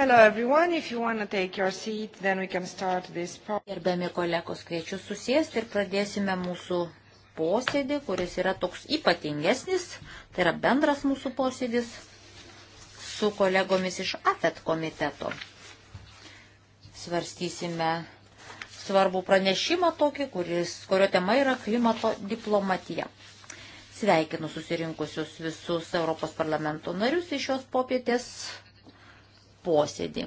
Hello everyone, if you want to take your seat, then we can start this part. Gerbiami kolegos, kviečiu susėsti ir pradėsime mūsų posėdį, kuris yra toks ypatingesnis, tai yra bendras mūsų posėdis su kolegomis iš AFET komiteto. Svarstysime svarbų pranešimą tokį, kuris, kurio tema yra klimato diplomatija. Sveikinu susirinkusius visus Europos parlamento narius iš šios popietės posėdį.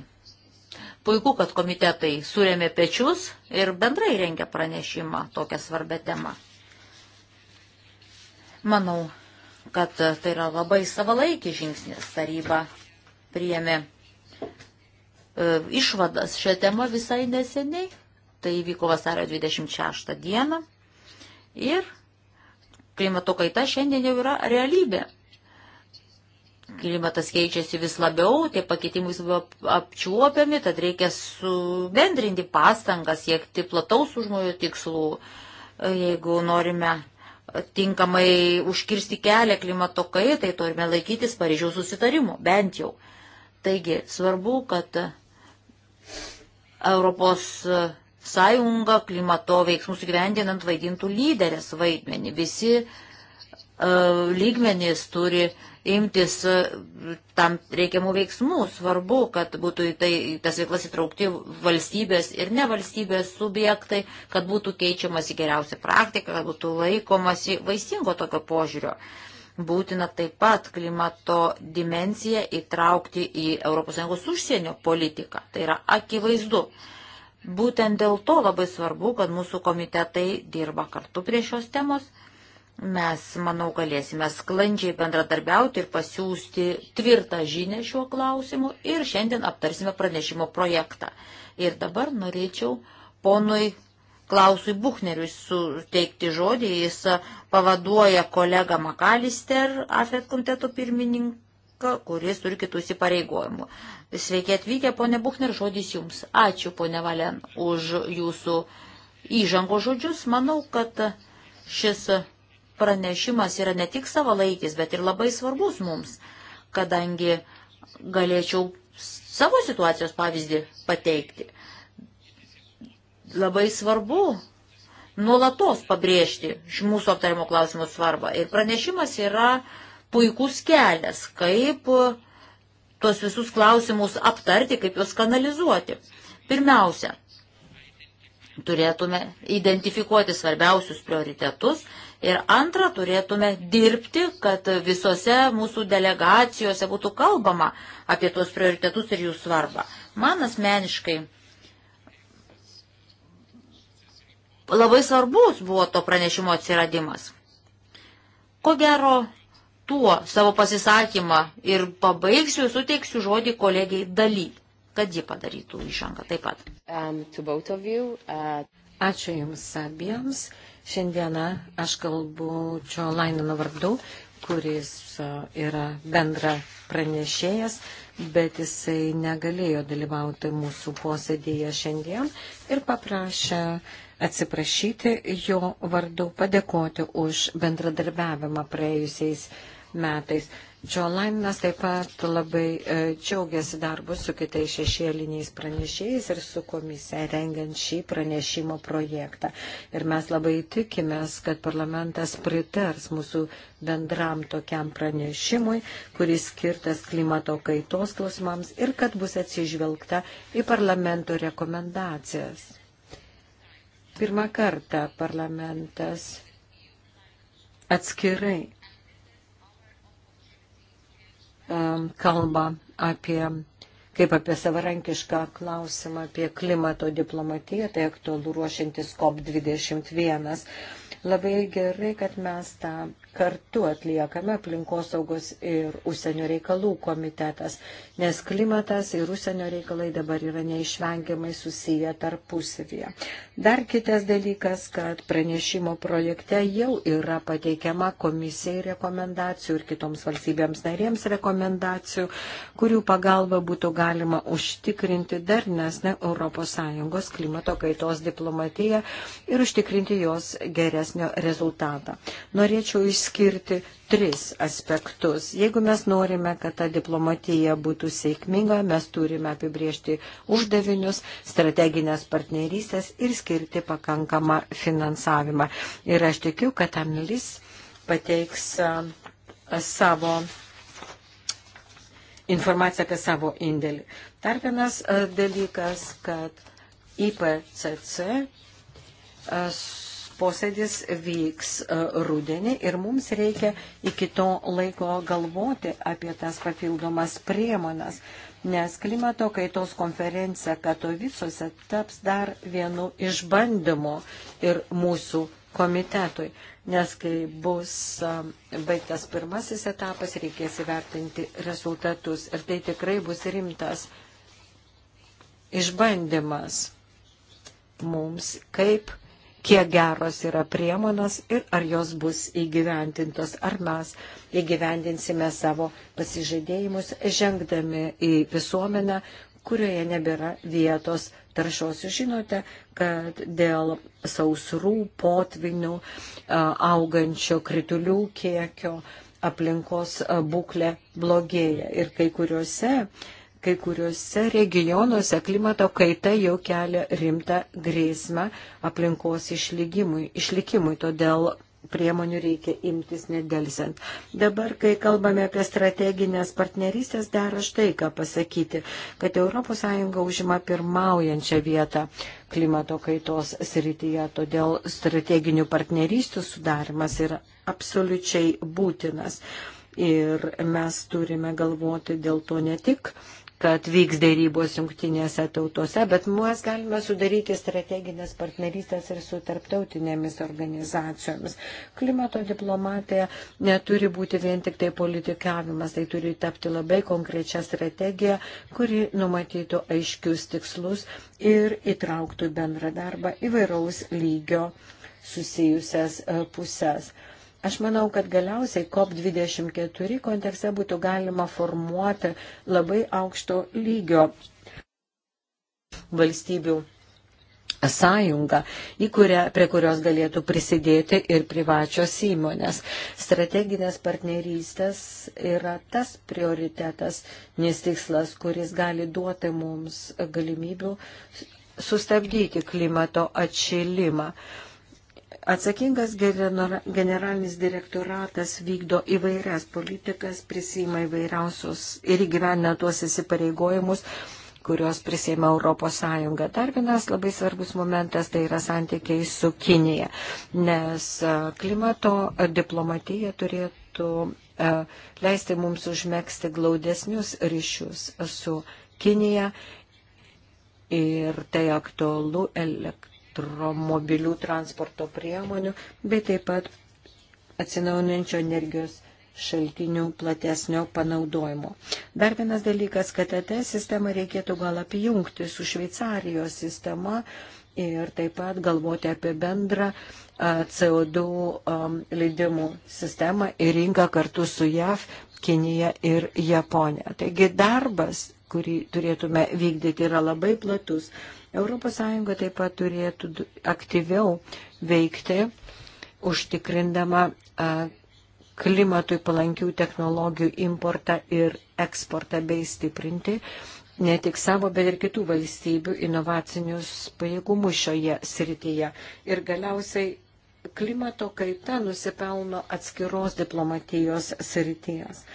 Puiku, kad komitetai surėmė pečius ir bendrai rengia pranešimą tokią svarbę temą. Manau, kad tai yra labai savalaikis žingsnis. Taryba priėmė e, išvadas šią temą visai neseniai. Tai vyko vasario 26 dieną. Ir klimato kaita šiandien jau yra realybė klimatas keičiasi vis labiau, tie pakeitimai buvo apčiuopiami, tad reikia subendrinti pastangas, siekti plataus užmojo tikslų, jeigu norime tinkamai užkirsti kelią klimato kaitai, turime laikytis Paryžiaus susitarimų, bent jau. Taigi svarbu, kad Europos sąjunga klimato veiksmus gyvendinant vaidintų lyderės vaidmenį. Visi uh, lygmenys turi uh, imtis e, tam reikiamų veiksmų. Svarbu, kad būtų į tai, tas veiklas įtraukti valstybės ir nevalstybės subjektai, kad būtų keičiamas į geriausią praktiką, kad būtų laikomasi vaisingo tokio požiūrio. Būtina taip pat klimato dimenciją įtraukti į ES užsienio politiką. Tai yra akivaizdu. Būtent dėl to labai svarbu, kad mūsų komitetai dirba kartu prie šios temos Mes, manau, galėsime sklandžiai bendradarbiauti ir pasiūsti tvirtą žinę šiuo klausimu ir šiandien aptarsime pranešimo projektą. Ir dabar norėčiau ponui Klausui Buchneriui suteikti žodį, jis pavaduoja kolegą Makalister, AFET komiteto pirmininką, kuris turi kitus įpareigojimų. Sveiki atvykę, ponė Buchner, žodis jums. Ačiū, ponė Valen, už jūsų įžango žodžius. Manau, kad šis pranešimas yra ne tik savalaikis, bet ir labai svarbus mums, kadangi galėčiau savo situacijos pavyzdį pateikti. Labai svarbu nuolatos pabrėžti mūsų aptarimo klausimų svarbą. Ir pranešimas yra puikus kelias, kaip tuos visus klausimus aptarti, kaip juos kanalizuoti. Pirmiausia, turėtume identifikuoti svarbiausius prioritetus ir antra, turėtume dirbti, kad visose mūsų delegacijose būtų kalbama apie tuos prioritetus ir jų svarbą. Man asmeniškai labai svarbus buvo to pranešimo atsiradimas. Ko gero, tuo savo pasisakymą ir pabaigsiu, suteiksiu žodį kolegiai daly kad ji padarytų įžangą taip pat. Um, you, uh... Ačiū Jums abiems. Šiandieną aš kalbu Čio Lainino vardu, kuris uh, yra bendra pranešėjas, bet jisai negalėjo dalyvauti mūsų posėdėje šiandien ir paprašė atsiprašyti jo vardu, padėkoti už bendradarbiavimą praėjusiais metais. Džo Laininas taip pat labai e, džiaugiasi darbu su kitais šešėliniais pranešėjais ir su komisija rengiant šį pranešimo projektą. Ir mes labai tikimės, kad parlamentas pritars mūsų bendram tokiam pranešimui, kuris skirtas klimato kaitos klausimams ir kad bus atsižvelgta į parlamento rekomendacijas. Pirmą kartą parlamentas atskirai E, kalba apie, kaip apie savarankišką klausimą, apie klimato diplomatiją, tai aktualu ruošiantis COP21. Labai gerai, kad mes tą kartu atliekame aplinkosaugos ir užsienio reikalų komitetas, nes klimatas ir užsienio reikalai dabar yra neišvengiamai susiję tarpusavyje. Dar kitas dalykas, kad pranešimo projekte jau yra pateikiama komisijai rekomendacijų ir kitoms valstybėms narėms rekomendacijų, kurių pagalba būtų galima užtikrinti darnesnę ES klimato kaitos diplomatiją ir užtikrinti jos geresnį geresnio rezultatą. Norėčiau išskirti tris aspektus. Jeigu mes norime, kad ta diplomatija būtų sėkminga, mes turime apibriežti uždavinius, strateginės partnerystės ir skirti pakankamą finansavimą. Ir aš tikiu, kad Amelis pateiks savo informaciją apie savo indėlį. Dar vienas dalykas, kad IPCC posėdis vyks e, rudenį ir mums reikia iki to laiko galvoti apie tas papildomas priemonas, nes klimato kaitos konferencija Katovicuose taps dar vienu išbandymu ir mūsų komitetui, nes kai bus e, baigtas pirmasis etapas, reikės įvertinti rezultatus ir tai tikrai bus rimtas išbandymas mums, kaip kiek geros yra priemonas ir ar jos bus įgyventintos, ar mes įgyvendinsime savo pasižadėjimus, žengdami į visuomenę, kurioje nebėra vietos taršos. Jūs žinote, kad dėl sausrų, potvinių, augančio kritulių kiekio aplinkos būklė blogėja. Ir kai kuriuose Kai kuriuose regionuose klimato kaita jau kelia rimtą grėsmę aplinkos išlikimui, todėl priemonių reikia imtis nedelsiant. Dabar, kai kalbame apie strateginės partnerystės, dar aš tai ką pasakyti, kad ES užima pirmaujančią vietą klimato kaitos srityje, todėl strateginių partnerystų sudarimas yra absoliučiai būtinas. Ir mes turime galvoti dėl to ne tik kad vyks dėrybos jungtinėse tautose, bet mes galime sudaryti strateginės partnerystės ir su tarptautinėmis organizacijomis. Klimato diplomatija neturi būti vien tik tai politikavimas, tai turi tapti labai konkrečia strategija, kuri numatytų aiškius tikslus ir įtrauktų bendrą darbą įvairaus lygio susijusias e, pusės. Aš manau, kad galiausiai COP24 kontekste būtų galima formuoti labai aukšto lygio valstybių sąjungą, į kurią, prie kurios galėtų prisidėti ir privačios įmonės. Strateginės partnerystės yra tas prioritetas, nes tikslas, kuris gali duoti mums galimybių sustabdyti klimato atšilimą. Atsakingas generalinis direktoratas vykdo įvairias politikas, prisima įvairiausios ir gyvena tuos įsipareigojimus, kuriuos prisėmė Europos Sąjunga. Dar vienas labai svarbus momentas tai yra santykiai su Kinija, nes e, klimato diplomatija turėtų e, leisti mums užmėgsti glaudesnius ryšius su Kinija ir tai aktualu elek elektromobilių transporto priemonių, bei taip pat atsinaujinančio energijos šaltinių platesnio panaudojimo. Dar vienas dalykas, kad AT sistemą reikėtų gal apjungti su Šveicarijos sistema ir taip pat galvoti apie bendrą CO2 leidimų sistemą ir rinką kartu su JAV, Kinija ir Japonija. Taigi darbas kurį turėtume vykdyti, yra labai platus. ES taip pat turėtų aktyviau veikti, užtikrindama klimatui palankių technologijų importą ir eksportą bei stiprinti ne tik savo, bet ir kitų valstybių inovacinius pajėgumus šioje srityje. Ir galiausiai klimato kaita nusipelno atskiros diplomatijos srities,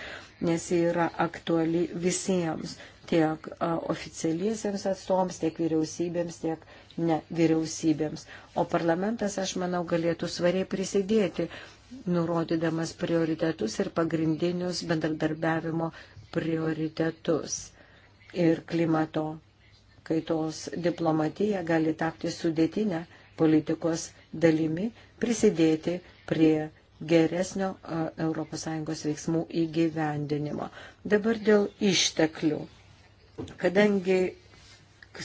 nes ji yra aktuali visiems tiek oficialiesiems atstovams, tiek vyriausybėms, tiek ne vyriausybėms. O parlamentas, aš manau, galėtų svariai prisidėti, nurodydamas prioritetus ir pagrindinius bendradarbiavimo prioritetus. Ir klimato kaitos diplomatija gali tapti sudėtinę politikos dalimi, prisidėti prie geresnio ES veiksmų įgyvendinimo. Dabar dėl išteklių kadangi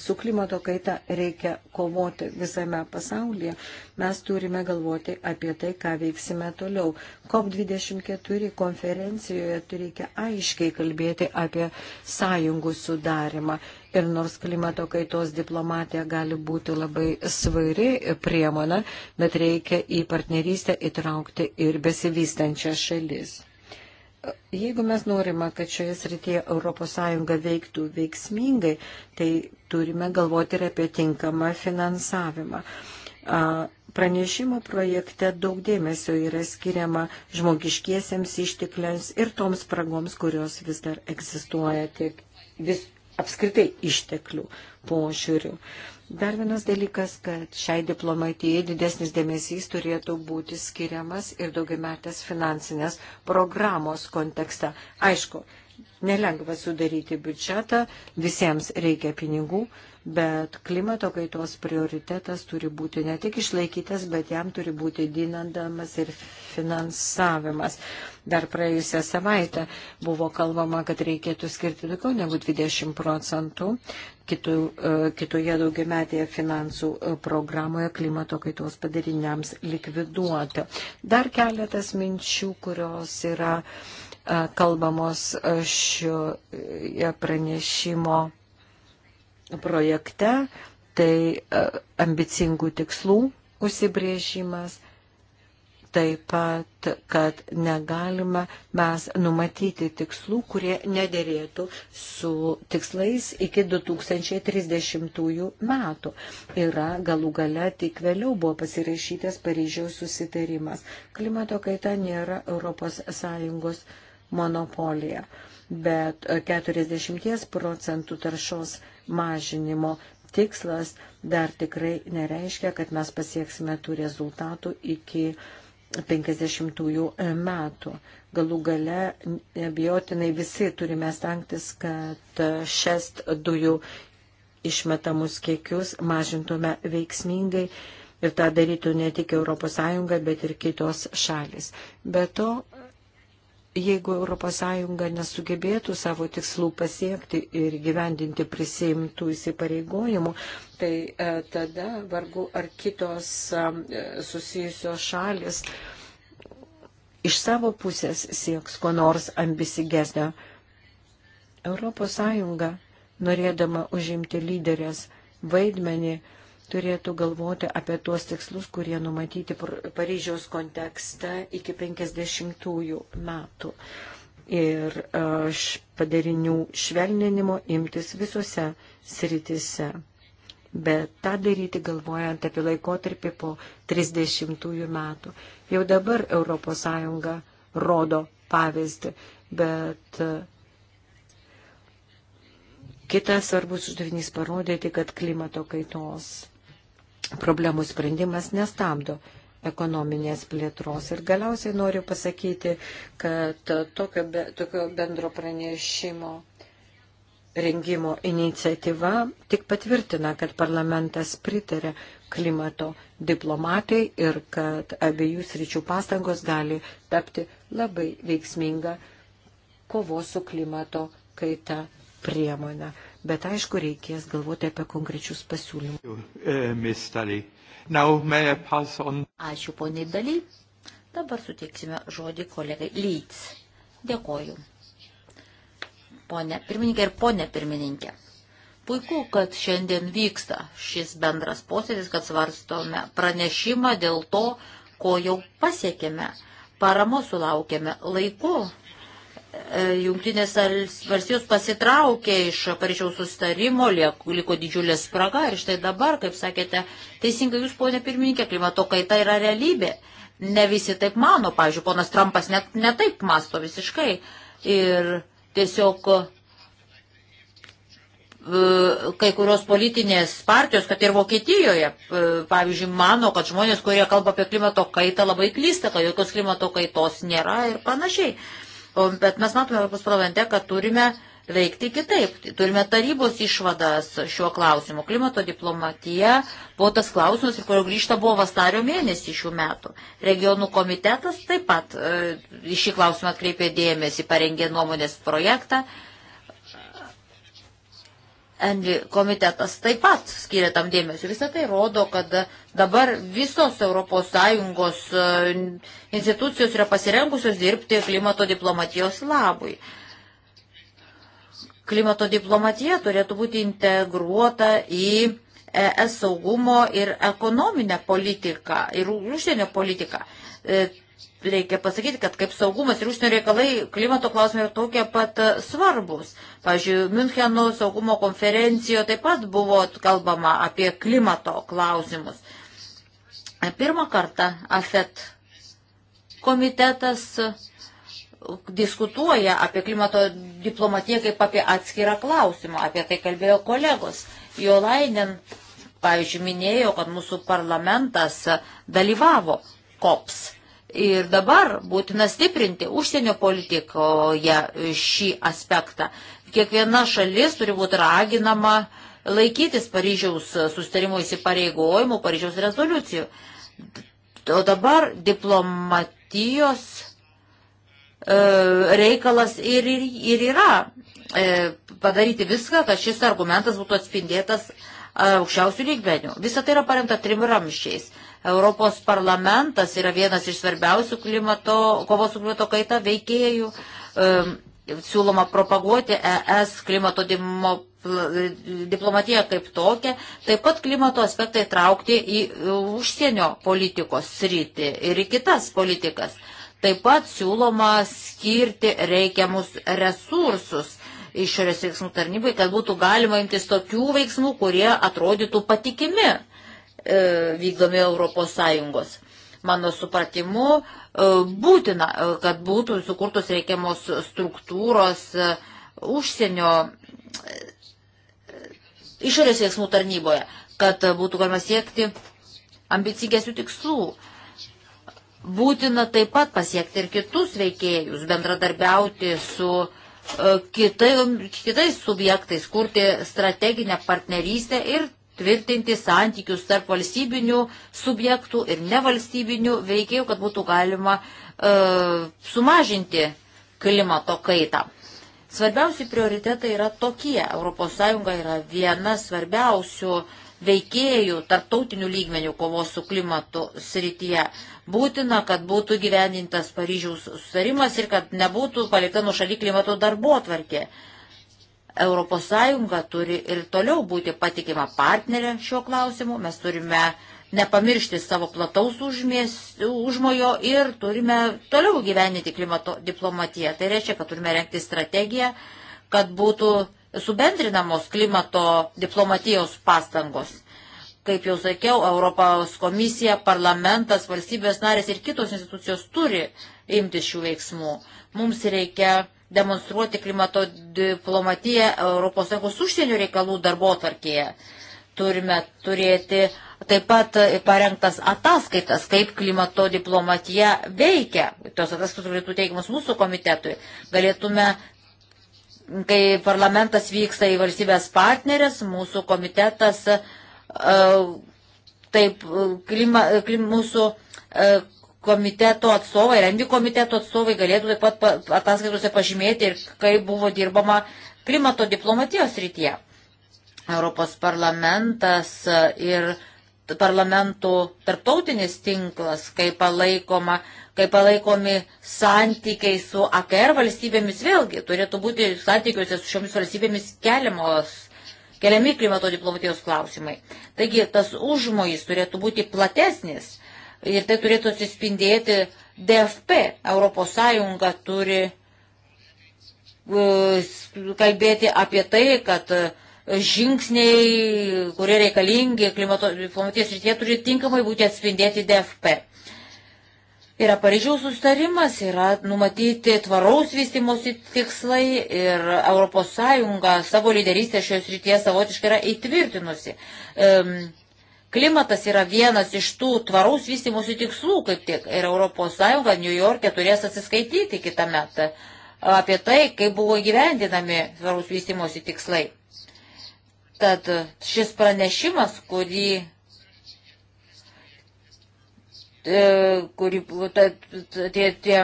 su klimato kaita reikia kovoti visame pasaulyje, mes turime galvoti apie tai, ką veiksime toliau. COP24 konferencijoje reikia aiškiai kalbėti apie sąjungų sudarimą. Ir nors klimato kaitos diplomatija gali būti labai svairi priemona, bet reikia į partnerystę įtraukti ir besivystančias šalis. Jeigu mes norime, kad šioje srityje ES veiktų veiksmingai, tai turime galvoti ir apie tinkamą finansavimą. Pranešimo projekte daug dėmesio yra skiriama žmogiškiesiems ištekliams ir toms spragoms, kurios vis dar egzistuoja tiek vis apskritai išteklių požiūrių. Dar vienas dalykas, kad šiai diplomatijai didesnis dėmesys turėtų būti skiriamas ir daugiametės finansinės programos kontekste. Aišku, nelengva sudaryti biudžetą, visiems reikia pinigų, bet klimato kaitos prioritetas turi būti ne tik išlaikytas, bet jam turi būti dinandamas ir finansavimas. Dar praėjusią savaitę buvo kalbama, kad reikėtų skirti daugiau negu 20 procentų kitų, e, kitoje daugiametėje finansų e, programoje klimato kaitos padariniams likviduoti. Dar keletas minčių, kurios yra e, kalbamos šioje pranešimo projekte, tai e, ambicingų tikslų užsibrėžimas, taip pat, kad negalime mes numatyti tikslų, kurie nederėtų su tikslais iki 2030 metų. Yra galų gale, tik vėliau buvo pasirašytas Paryžiaus susitarimas. Klimato kaita nėra ES monopolija, bet 40 procentų taršos mažinimo tikslas dar tikrai nereiškia, kad mes pasieksime tų rezultatų iki 50-ųjų e, metų. Galų gale, nebijotinai visi turime stengtis, kad e, šest dujų išmetamus kiekius mažintume veiksmingai ir tą darytų ne tik ES, bet ir kitos šalis. Be to, jeigu ES nesugebėtų savo tikslų pasiekti ir gyvendinti prisimtų įsipareigojimų, tai e, tada vargu ar kitos e, susijusios šalis iš savo pusės sieks ko nors ambisigesnio. ES, norėdama užimti lyderės vaidmenį, turėtų galvoti apie tuos tikslus, kurie numatyti Paryžiaus kontekste iki 50-ųjų metų. Ir e, padarinių švelninimo imtis visose sritise. Bet tą daryti galvojant apie laikotarpį po 30-ųjų metų. Jau dabar ES rodo pavyzdį, bet e, Kitas svarbus uždavinys parodyti, kad klimato kaitos problemų sprendimas nestabdo ekonominės plėtros. Ir galiausiai noriu pasakyti, kad tokio, be, tokio bendro pranešimo rengimo iniciatyva tik patvirtina, kad parlamentas pritarė klimato diplomatai ir kad abiejų sričių pastangos gali tapti labai veiksminga kovos su klimato kaita priemonę bet aišku, reikės galvoti apie konkrečius pasiūlymus. Uh, Ačiū, poniai daly. Dabar suteiksime žodį kolegai Lyts. Dėkoju. Pone pirmininkė ir ponė pirmininkė. Puiku, kad šiandien vyksta šis bendras posėdis, kad svarstome pranešimą dėl to, ko jau pasiekėme. Paramos sulaukėme laiku, E, Junktinės valstijos pasitraukė iš Paryžiaus sustarimo, liko didžiulė spraga ir štai dabar, kaip sakėte, teisingai jūs, ponė pirmininkė, klimato kaita yra realybė. Ne visi taip mano, pavyzdžiui, ponas Trumpas net netaip masto visiškai. Ir tiesiog e, kai kurios politinės partijos, kad ir Vokietijoje, e, pavyzdžiui, mano, kad žmonės, kurie kalba apie klimato kaitą, labai klysta, kad jokios klimato kaitos nėra ir panašiai. Bet mes matome Europos parlamente, kad turime veikti kitaip. Turime tarybos išvadas šiuo klausimu. Klimato diplomatija buvo tas klausimas, ir kurio grįžta buvo vasario mėnesį šių metų. Regionų komitetas taip pat e, į e, šį klausimą atkreipė dėmesį, parengė nuomonės projektą. E, Envi komitetas taip pat skiria tam dėmesio. Visą tai rodo, kad dabar visos ES e, institucijos yra pasirengusios dirbti klimato diplomatijos labui. Klimato diplomatija turėtų būti integruota į ES saugumo ir ekonominę politiką ir užsienio politiką. E, reikia pasakyti, kad kaip saugumas ir užsienio reikalai klimato klausimai yra tokie pat e, svarbus. Pavyzdžiui, Müncheno saugumo konferencijoje taip pat buvo kalbama apie klimato klausimus. E, pirmą kartą AFET komitetas e, diskutuoja apie klimato diplomatiją kaip apie atskirą klausimą. Apie tai kalbėjo kolegos. Jo Lainen, pavyzdžiui, minėjo, kad mūsų parlamentas dalyvavo COPS Ir dabar būtina stiprinti užsienio politikoje šį aspektą. Kiekviena šalis turi būti raginama laikytis Paryžiaus sustarimo įsipareigojimų, Paryžiaus rezoliucijų. O dabar diplomatijos e, reikalas ir, ir, ir yra e, padaryti viską, kad šis argumentas būtų atspindėtas e, aukščiausių lygmenių. Visą tai yra paremta trim ramščiais. Europos parlamentas yra vienas iš svarbiausių klimato, kovos su klimato kaita veikėjų. Siūloma propaguoti ES klimato diplomatiją kaip tokią, taip pat klimato aspektai traukti į užsienio politikos sritį ir į kitas politikas. Taip pat siūloma skirti reikiamus resursus išorės veiksmų tarnybai, kad būtų galima imtis tokių veiksmų, kurie atrodytų patikimi E, vykdomi ES. Mano supratimu, e, būtina, e, kad būtų sukurtos reikiamos struktūros užsienio išorės veiksmų tarnyboje, kad būtų galima siekti ambicingesnių tikslų. Būtina taip pat pasiekti ir kitus veikėjus, bendradarbiauti su kitai, kitais subjektais, kurti strateginę partnerystę ir tvirtinti santykius tarp valstybinių subjektų ir nevalstybinių veikėjų, kad būtų galima e, sumažinti klimato kaitą. Svarbiausi prioritetai yra tokie. ES yra viena svarbiausių veikėjų tarptautinių lygmenių kovos su klimatu srityje. Būtina, kad būtų gyvenintas Paryžiaus sustarimas ir kad nebūtų palikta nušaly klimato darbo atvarkė. ES turi ir toliau būti patikima partnerė šiuo klausimu. Mes turime nepamiršti savo plataus užmės, užmojo ir turime toliau gyveninti klimato diplomatiją. Tai reiškia, kad turime renkti strategiją, kad būtų subendrinamos klimato diplomatijos pastangos. Kaip jau sakiau, Europos komisija, parlamentas, valstybės narės ir kitos institucijos turi imtis šių veiksmų. Mums reikia demonstruoti klimato diplomatiją ES užsienio reikalų darbo tvarkėje. Turime turėti taip pat parengtas ataskaitas, kaip klimato diplomatija veikia. Tos ataskaitos galėtų teikimas mūsų komitetui. Galėtume, kai parlamentas vyksta į valstybės partnerės, mūsų komitetas, e, taip, e, klima, e, klim, mūsų komiteto atstovai, rendi komiteto atstovai galėtų taip pat ataskaitose pažymėti ir kaip buvo dirbama klimato diplomatijos rytyje. Europos parlamentas ir parlamentų tarptautinis tinklas, kaip, palaikoma, kaip palaikomi santykiai su AKR valstybėmis, vėlgi turėtų būti santykiuose su šiomis valstybėmis keliamos, keliami klimato diplomatijos klausimai. Taigi tas užmojis turėtų būti platesnis ir tai turėtų atsispindėti DFP. Europos Sąjunga turi e, kalbėti apie tai, kad e, žingsniai, kurie reikalingi klimato diplomatijos rytie, turi tinkamai būti atspindėti DFP. Yra Paryžiaus sustarimas, yra numatyti tvaraus vystimosi tikslai ir ES savo lyderystę šioje srityje savotiškai yra įtvirtinusi. Um, Klimatas yra vienas iš tų tvaraus vystimosi tikslų, kaip tik ir ES New York'e turės atsiskaityti kitą metą apie tai, kaip buvo gyvendinami tvaraus vystimosi tikslai. Tad šis pranešimas, kurį e, kuri, ta, tie, tie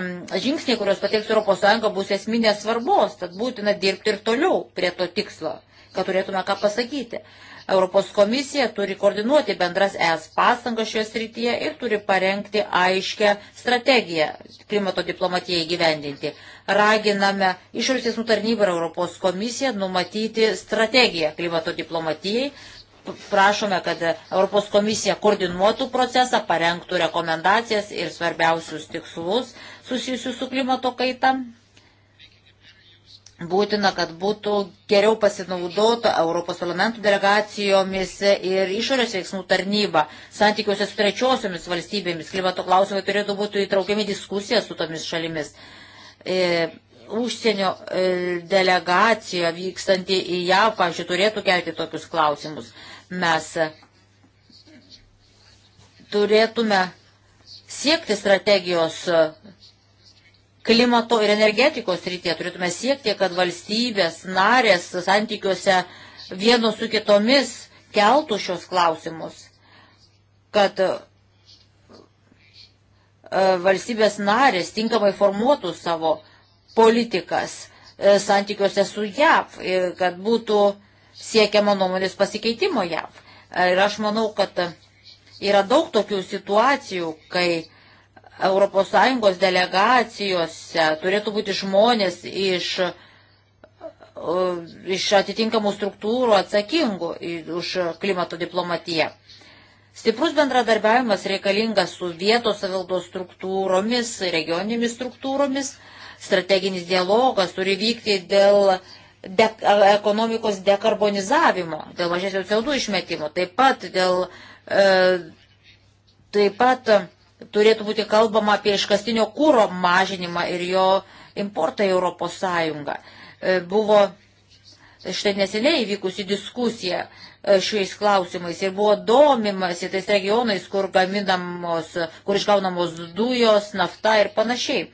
žingsniai, kuriuos pateiks Europos Sąjunga, bus esminės svarbos, tad būtina dirbti ir toliau prie to tikslo kad turėtume ką pasakyti. Europos komisija turi koordinuoti bendras ES pastangas šioje srityje ir turi parengti aiškę strategiją klimato diplomatijai gyvendinti. Raginame išorės teismų tarnybą ir Europos komisiją numatyti strategiją klimato diplomatijai. Prašome, kad Europos komisija koordinuotų procesą, parengtų rekomendacijas ir svarbiausius tikslus susijusius su klimato kaita būtina, kad būtų geriau pasinaudota Europos parlamentų delegacijomis ir išorės veiksmų tarnyba. Santykiuose su trečiosiomis valstybėmis klimato klausimai turėtų būti įtraukiami diskusiją su tomis šalimis. E, užsienio e, delegacija vykstanti į JAV, pavyzdžiui, turėtų kelti tokius klausimus. Mes turėtume siekti strategijos Klimato ir energetikos rytėje turėtume siekti, kad valstybės narės santykiuose vienos su kitomis keltų šios klausimus, kad e, valstybės narės tinkamai formuotų savo politikas e, santykiuose su JAV, e, kad būtų siekiama nuomonės pasikeitimo JAV. Ir aš manau, kad yra daug tokių situacijų, kai ES delegacijose turėtų būti žmonės iš, iš atitinkamų struktūrų atsakingų už klimato diplomatiją. Stiprus bendradarbiavimas reikalingas su vietos savildos struktūromis, regioninėmis struktūromis. Strateginis dialogas turi vykti dėl de ekonomikos dekarbonizavimo, dėl mažesnio CO2 išmetimo, taip pat dėl, e, taip pat turėtų būti kalbama apie iškastinio kūro mažinimą ir jo importą į Europos Sąjungą. E, buvo štai neseniai įvykusi diskusija e, šiais klausimais ir buvo domimas į tais regionais, kur gaminamos, kur išgaunamos dujos, nafta ir panašiai.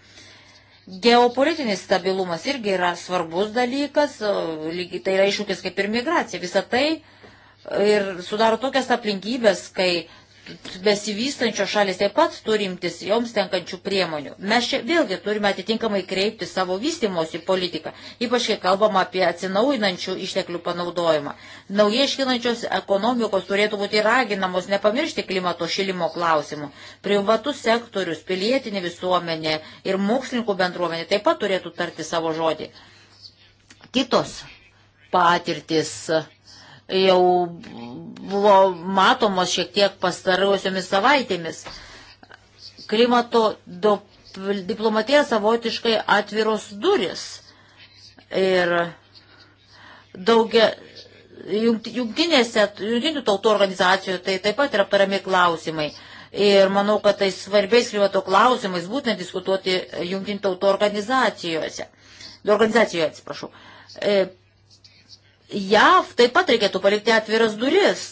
Geopolitinis stabilumas irgi yra svarbus dalykas, tai yra iššūkis kaip ir migracija. Visą tai ir sudaro tokias aplinkybės, kai besivystančios šalis taip pat turimtis joms tenkančių priemonių. Mes čia vėlgi turime atitinkamai kreipti savo vystimosi politiką, ypač kai kalbam apie atsinaujinančių išteklių panaudojimą. Naujai iškinančios ekonomikos turėtų būti raginamos nepamiršti klimato šilimo klausimų. Privatus sektorius, pilietinė visuomenė ir mokslininkų bendruomenė taip pat turėtų tarti savo žodį. Kitos patirtis jau buvo matomos šiek tiek pastarosiomis savaitėmis. Klimato diplomatija savotiškai atviros duris. Ir daugia jungtinėse, jungtinių tautų organizacijoje tai taip pat yra aptariami klausimai. Ir manau, kad tai svarbiais klimato klausimais būtina diskutuoti jungtinių tautų organizacijose. Organizacijoje, atsiprašau. E, JAV taip pat reikėtų palikti atviras duris.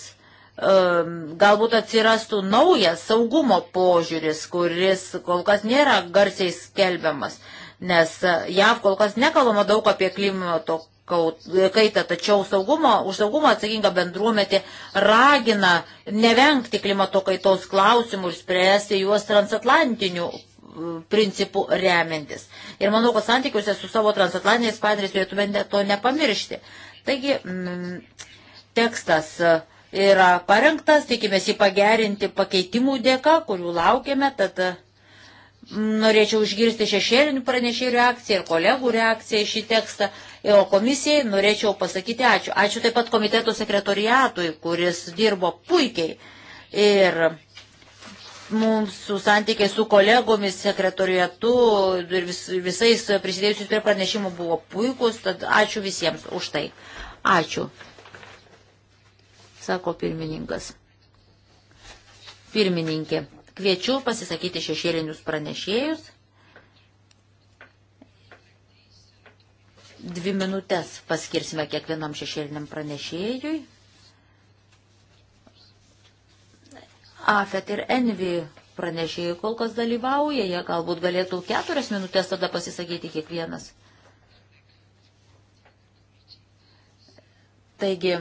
Ehm, galbūt atsirastų naujas saugumo požiūris, kuris kol kas nėra garsiai skelbiamas, nes e, JAV kol kas nekalbama daug apie klimato kaitą, tačiau saugumo, už saugumo atsakinga bendruometė ragina nevengti klimato kaitos klausimų ir spręsti juos transatlantinių e, principų remiantis. Ir manau, kad santykiuose su savo transatlantiniais partneriais turėtume to nepamiršti. Taigi, m, mm, tekstas e, yra parengtas, tikimės jį pagerinti pakeitimų dėka, kurių laukiame, tad e, norėčiau užgirsti šešėlinių pranešėjų reakciją ir kolegų reakciją į šį tekstą. O komisijai norėčiau pasakyti ačiū. Ačiū taip pat komiteto sekretoriatui, kuris dirbo puikiai. Ir mūsų santykiai su kolegomis, sekretoriatu ir vis, visais prisidėjusius prie pranešimų buvo puikus, tad ačiū visiems už tai. Ačiū, sako pirmininkas. Pirmininkė, kviečiu pasisakyti šešėlinius pranešėjus. Dvi minutės paskirsime kiekvienam šešėliniam pranešėjui. AFET ir ENVI pranešėjai kol kas dalyvauja, jie galbūt galėtų keturias minutės tada pasisakyti kiekvienas. Taigi,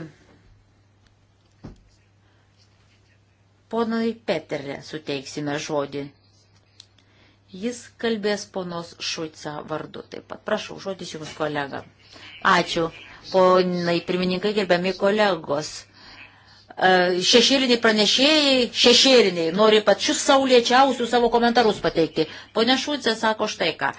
ponai Peterle suteiksime žodį. Jis kalbės ponos Šuica vardu taip pat. Prašau, žodis jums kolega. Ačiū. Ponai pirmininkai, gerbiami kolegos. E, šešėliniai pranešėjai, šešėliniai, nori pačius saulėčiausių savo komentarus pateikti. Pone Šulcė sako štai ką.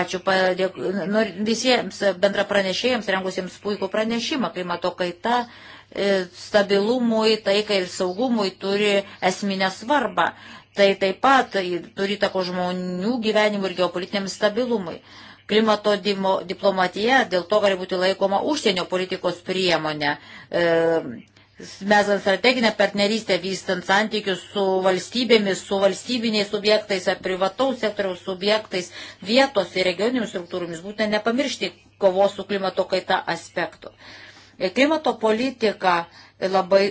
Ačiū padėk, nu, visiems bendra pranešėjams, rengusiems puikų pranešimą, klimato kaita e, stabilumui, taikai ir saugumui turi esminę svarbą. Tai taip pat turi tako žmonių gyvenimui ir geopolitiniam stabilumui. Klimato diplomatija dėl to gali būti laikoma užsienio politikos priemonė. E, mesant strateginę partnerystę, vystant santykius su valstybėmis, su valstybiniais subjektais ar privataus sektoriaus subjektais, vietos ir regioninių struktūromis, būtent nepamiršti kovos su klimato kaita aspektų. E, klimato politika labai,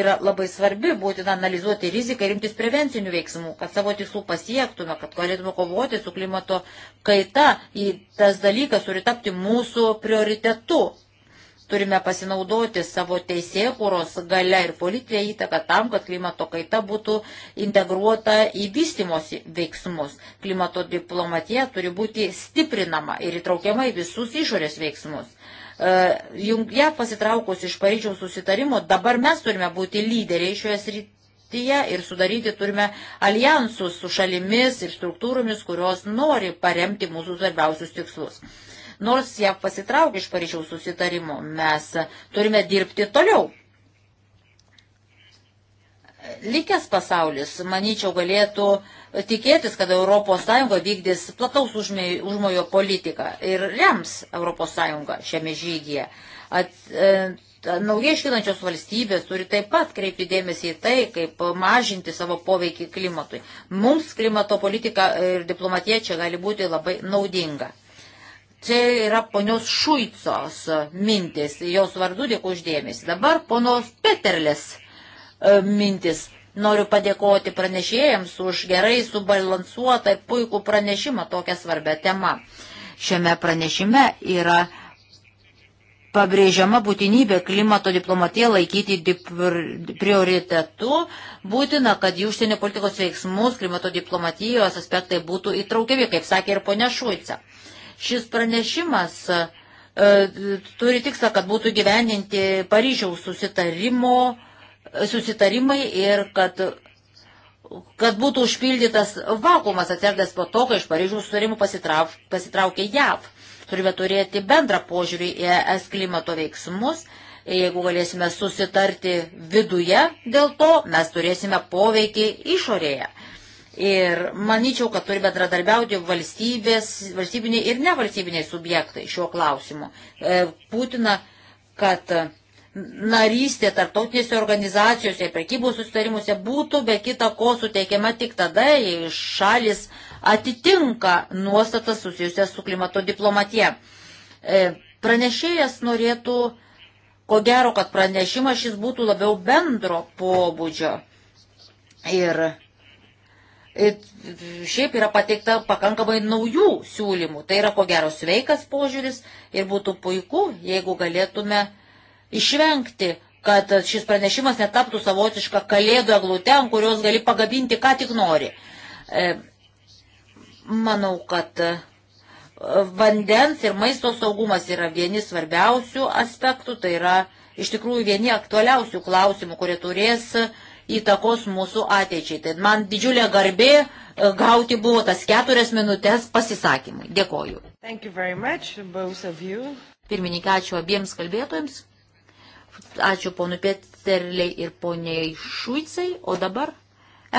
yra labai svarbi, būtina analizuoti riziką ir imtis prevencinių veiksmų, kad savo tikslų pasiektume, kad galėtume kovoti su klimato kaita, tas dalykas turi tapti mūsų prioritetu Turime pasinaudoti savo teisėkūros gale ir politinę įtaką tam, kad klimato kaita būtų integruota į vystimosi veiksmus. Klimato diplomatija turi būti stiprinama ir įtraukiama į visus išorės veiksmus. E, Jungje pasitraukus iš Paryžiaus susitarimo, dabar mes turime būti lyderiai šioje srityje kryptyje ir sudaryti turime alijansus su šalimis ir struktūromis, kurios nori paremti mūsų svarbiausius tikslus. Nors ją pasitraukė iš Paryžiaus susitarimo, mes turime dirbti toliau. Likęs pasaulis, manyčiau, galėtų tikėtis, kad ES vykdys plataus užmojo politiką ir rems ES šiame žygyje. At, e, naujai iškinančios valstybės turi taip pat kreipti dėmesį į tai, kaip mažinti savo poveikį klimatui. Mums klimato politika ir diplomatija čia gali būti labai naudinga. Čia yra ponios Šuicos mintis, jos vardu dėku uždėmesi. Dabar ponos Peterlės e, mintis. Noriu padėkoti pranešėjams už gerai subalansuotą ir puikų pranešimą tokią svarbę temą. Šiame pranešime yra pabrėžiama būtinybė klimato diplomatiją laikyti prioritetu, būtina, kad į užsienio politikos veiksmus klimato diplomatijos aspektai būtų įtraukiami, kaip sakė ir ponia Šuica. Šis pranešimas e, e, turi tikslą, kad būtų gyveninti Paryžiaus susitarimo, e, susitarimai ir kad kad būtų užpildytas vakumas atsiradęs po to, kai iš Paryžiaus sutarimų pasitrauk, pasitraukė JAV. Turime turėti bendrą požiūrį į ES klimato veiksmus. Jeigu galėsime susitarti viduje dėl to, mes turėsime poveikį išorėje. Ir manyčiau, kad turi bendradarbiauti valstybės, valstybiniai ir nevalstybiniai subjektai šiuo klausimu. Būtina, e, kad e, narystė tarptautinėse organizacijose ir prekybos sustarimuose būtų be kita ko suteikiama tik tada, jei šalis atitinka nuostatas susijusias su klimato diplomatija. E, pranešėjas norėtų, ko gero, kad pranešimas šis būtų labiau bendro pobūdžio. Ir šiaip yra pateikta pakankamai naujų siūlymų. Tai yra ko gero sveikas požiūris ir būtų puiku, jeigu galėtume išvengti, kad šis pranešimas netaptų savotišką kalėdų eglutę, ant kurios gali pagabinti, ką tik nori. E, manau, kad e, vandens ir maisto saugumas yra vieni svarbiausių aspektų, tai yra iš tikrųjų vieni aktualiausių klausimų, kurie turės uh, įtakos mūsų ateičiai. Tai man didžiulė garbė e, gauti buvo tas keturias minutės pasisakymui. Dėkoju. Much, Pirmininkė, ačiū abiems kalbėtojams. Ačiū ponui Peterliai ir poniai Šuicai. O dabar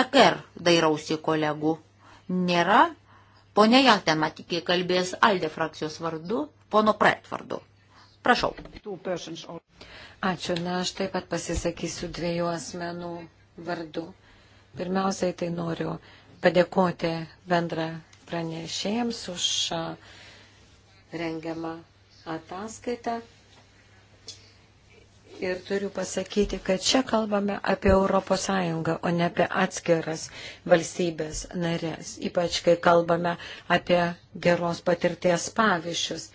EKR dairausi kolegų. Nėra. Pone Jaten, matikė, kalbės Alde frakcijos vardu, pono Pret vardu. Prašau. Ačiū, na aš taip pat pasisakysiu dviejų asmenų vardu. Pirmiausiai tai noriu padėkoti bendra pranešėjams už rengiamą ataskaitą. Ir turiu pasakyti, kad čia kalbame apie ES, o ne apie atskiras valstybės narės, ypač kai kalbame apie geros patirties pavyzdžius.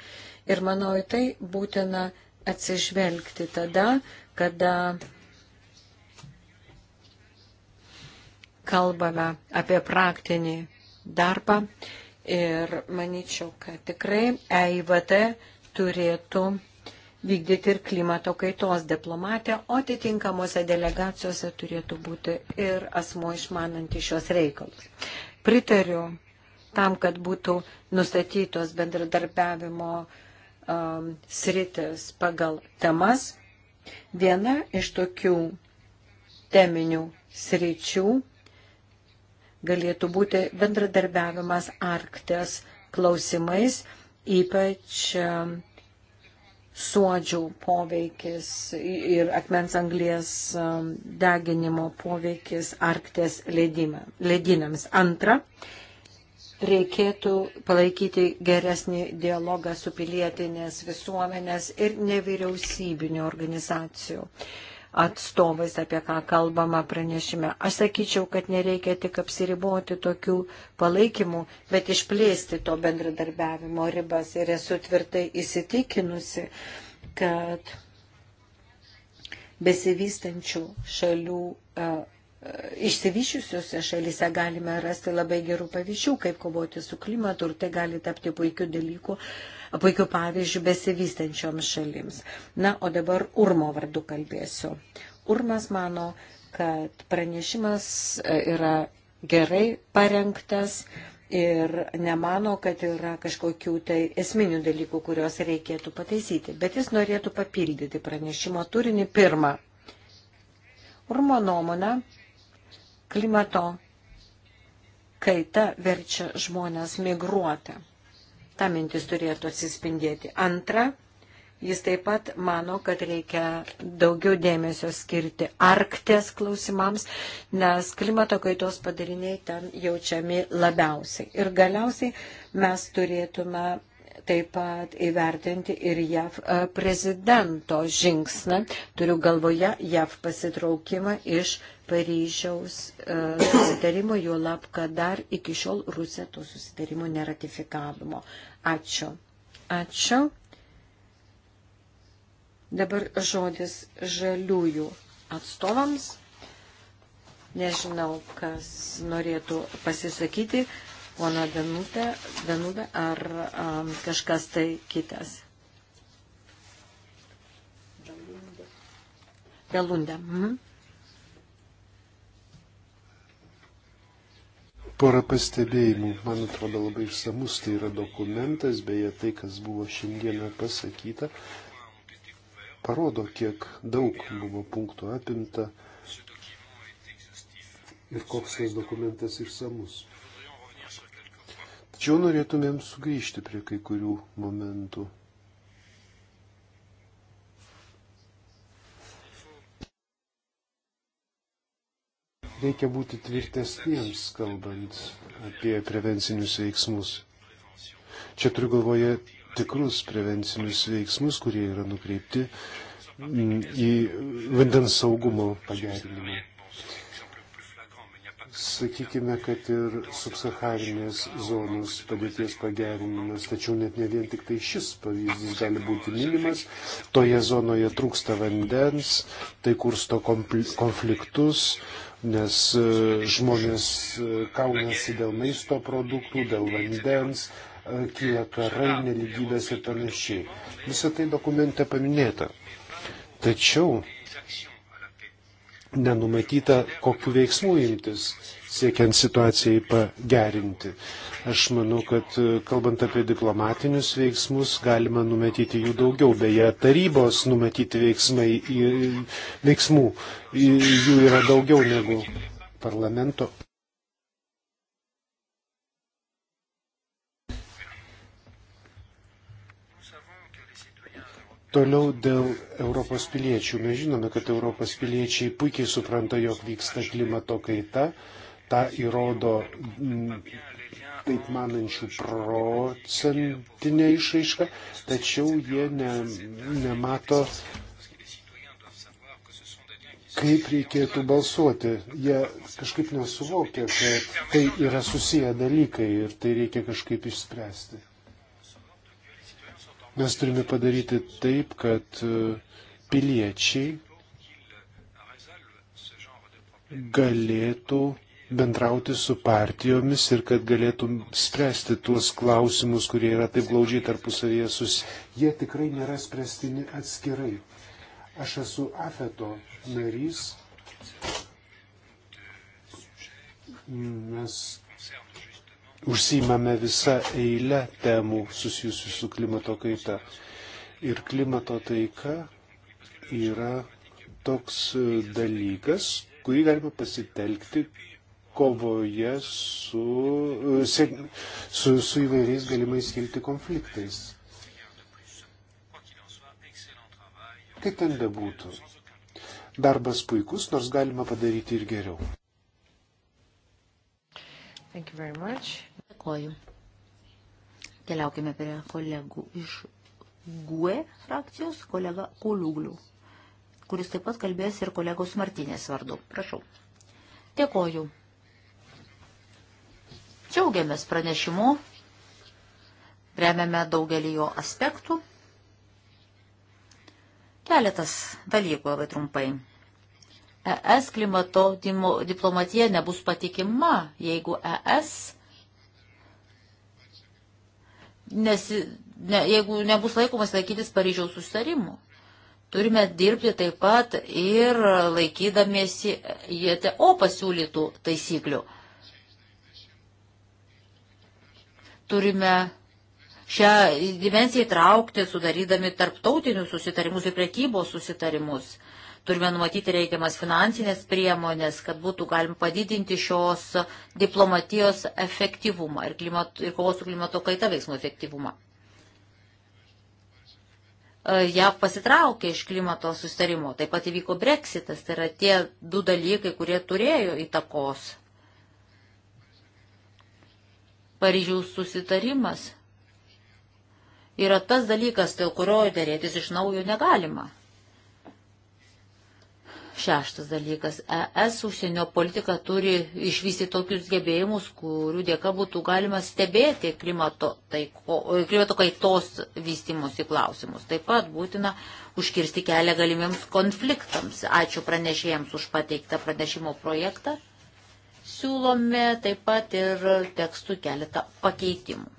Ir manau, į tai būtina atsižvelgti tada, kada kalbame apie praktinį darbą ir manyčiau, kad tikrai EIVT turėtų vykdyti ir klimato kaitos diplomatę, o atitinkamuose delegacijose turėtų būti ir asmo išmananti šios reikalus. Pritariu tam, kad būtų nustatytos bendradarbiavimo um, sritis pagal temas. Viena iš tokių teminių sričių galėtų būti bendradarbiavimas Arktės klausimais, ypač suodžių poveikis ir akmens anglės deginimo poveikis Arktės ledynams. Antra, reikėtų palaikyti geresnį dialogą su pilietinės visuomenės ir nevyriausybinio organizacijų. Uh, atstovais, apie ką kalbama pranešime. Aš sakyčiau, kad nereikia tik apsiriboti tokių palaikymų, bet išplėsti to bendradarbiavimo ribas ir esu tvirtai įsitikinusi, kad besivystančių šalių e, e, išsivyšiusiuose šalyse galime rasti labai gerų pavyzdžių, kaip kovoti su klimatu ir tai gali tapti puikiu dalyku puikių pavyzdžių besivystančioms šalims. Na, o dabar Urmo vardu kalbėsiu. Urmas mano, kad pranešimas e, yra gerai parengtas ir nemano, kad yra kažkokių tai esminių dalykų, kuriuos reikėtų pataisyti, bet jis norėtų papildyti pranešimo turinį pirmą. Urmo nuomona, klimato kaita verčia žmonės migruoti. Ta mintis turėtų atsispindėti. Antra, jis taip pat mano, kad reikia daugiau dėmesio skirti arktės klausimams, nes klimato kaitos padariniai ten jaučiami labiausiai. Ir galiausiai mes turėtume taip pat įvertinti ir JAV e, prezidento žingsną, turiu galvoje JAV pasitraukimą iš Paryžiaus e, susitarimo, jo lab, kad dar iki šiol Rusija to susitarimo neratifikavimo. Ačiū. Ačiū. Dabar žodis žaliųjų atstovams. Nežinau, kas norėtų pasisakyti pono Danutę, Danubę ar um, kažkas tai kitas. Galundė. Mhm. Porą pastebėjimų, man atrodo, labai išsamus tai yra dokumentas, beje, tai, kas buvo šiandieną pasakyta, parodo, kiek daug buvo punktų apimta ir koks tas dokumentas išsamus. Tačiau norėtumėm sugrįžti prie kai kurių momentų. Reikia būti tvirtesniems, kalbant apie prevencinius veiksmus. Čia turiu galvoje tikrus prevencinius veiksmus, kurie yra nukreipti į vandens saugumo pagerinimą sakykime, kad ir subsaharinės zonos padėties pagerinimas, tačiau net ne vien tik tai šis pavyzdys gali būti minimas. Toje zonoje trūksta vandens, tai kursto konfliktus, nes e, žmonės e, kaunasi dėl maisto produktų, dėl vandens, e, kyla karai, neligybės ir panašiai. Visą tai dokumente paminėta. Tačiau nenumatyta, kokiu veiksmu imtis, siekiant situacijai pagerinti. Aš manau, kad e, kalbant apie diplomatinius veiksmus, galima numatyti jų daugiau. Beje, tarybos numatyti veiksmai, veiksmų jų yra daugiau negu parlamento. Toliau dėl Europos piliečių. Mes žinome, kad Europos piliečiai puikiai supranta, jog vyksta klimato kaita. Ta įrodo mm, taip manančių procentinė išraiška, tačiau jie ne, nemato, kaip reikėtų balsuoti. Jie kažkaip nesuvokia, kad tai yra susiję dalykai ir tai reikia kažkaip išspręsti. Mes turime padaryti taip, kad e, piliečiai galėtų bendrauti su partijomis ir kad galėtų spręsti tuos klausimus, kurie yra taip glaudžiai tarpusavėje sus. Jie tikrai nėra spręstini atskirai. Aš esu AFETO narys. Mes užsimame visą eilę temų susijusių su klimato kaita. Ir klimato taika yra toks e, dalykas, kurį galima pasitelkti kovoje su, e, su, su įvairiais galimais kilti konfliktais. Kaip ten bebūtų. Darbas puikus, nors galima padaryti ir geriau. Thank you very much. Dėkoju. Keliaukime prie kolegų iš GUE frakcijos, kolega Koliuglių, kuris taip pat kalbės ir kolegos Martinės vardu. Prašau. Dėkoju. Džiaugiamės pranešimu, remiame daugelį jo aspektų. Keletas dalykų labai trumpai. ES klimato diplomatija nebus patikima, jeigu ES nes, ne, jeigu nebus laikomas laikytis Paryžiaus susitarimų. Turime dirbti taip pat ir laikydamiesi JTO pasiūlytų taisyklių. Turime šią dimensiją įtraukti, sudarydami tarptautinius susitarimus ir prekybos susitarimus. Turime numatyti reikiamas finansinės priemonės, kad būtų galim padidinti šios diplomatijos efektyvumą ir, klimat, ir kovos su klimato kaita veiksmų efektyvumą. E, JAV pasitraukė iš klimato sustarimo, taip pat įvyko breksitas, tai yra tie du dalykai, kurie turėjo įtakos. Paryžiaus susitarimas yra tas dalykas, dėl kurio dėrėtis iš naujo negalima. Šeštas dalykas. ES užsienio politika turi išvystyti tokius gebėjimus, kurių dėka būtų galima stebėti klimato, taiko, klimato kaitos vystimusi klausimus. Taip pat būtina užkirsti kelią galimiems konfliktams. Ačiū pranešėjams už pateiktą pranešimo projektą. Siūlome taip pat ir tekstų keletą pakeitimų.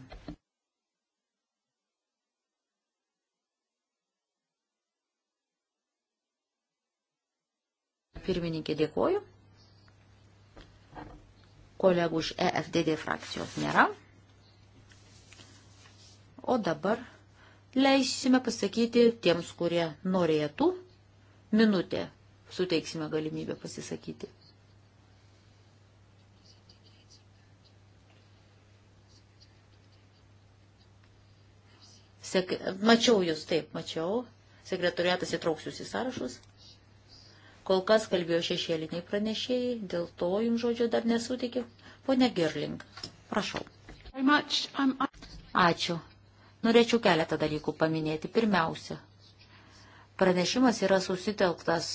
pirmininkė, dėkoju. Kolegų iš EFDD frakcijos nėra. O dabar leisime pasakyti tiems, kurie norėtų. Minutė suteiksime galimybę pasisakyti. Sek... Mačiau jūs, taip, mačiau. Sekretoriatas įtrauks jūs į sąrašus. Kol kas kalbėjo šešėliniai pranešėjai, dėl to jums žodžio dar nesutikiu. Pone Gerling, prašau. Ačiū. Norėčiau keletą dalykų paminėti. Pirmiausia, pranešimas yra susitelktas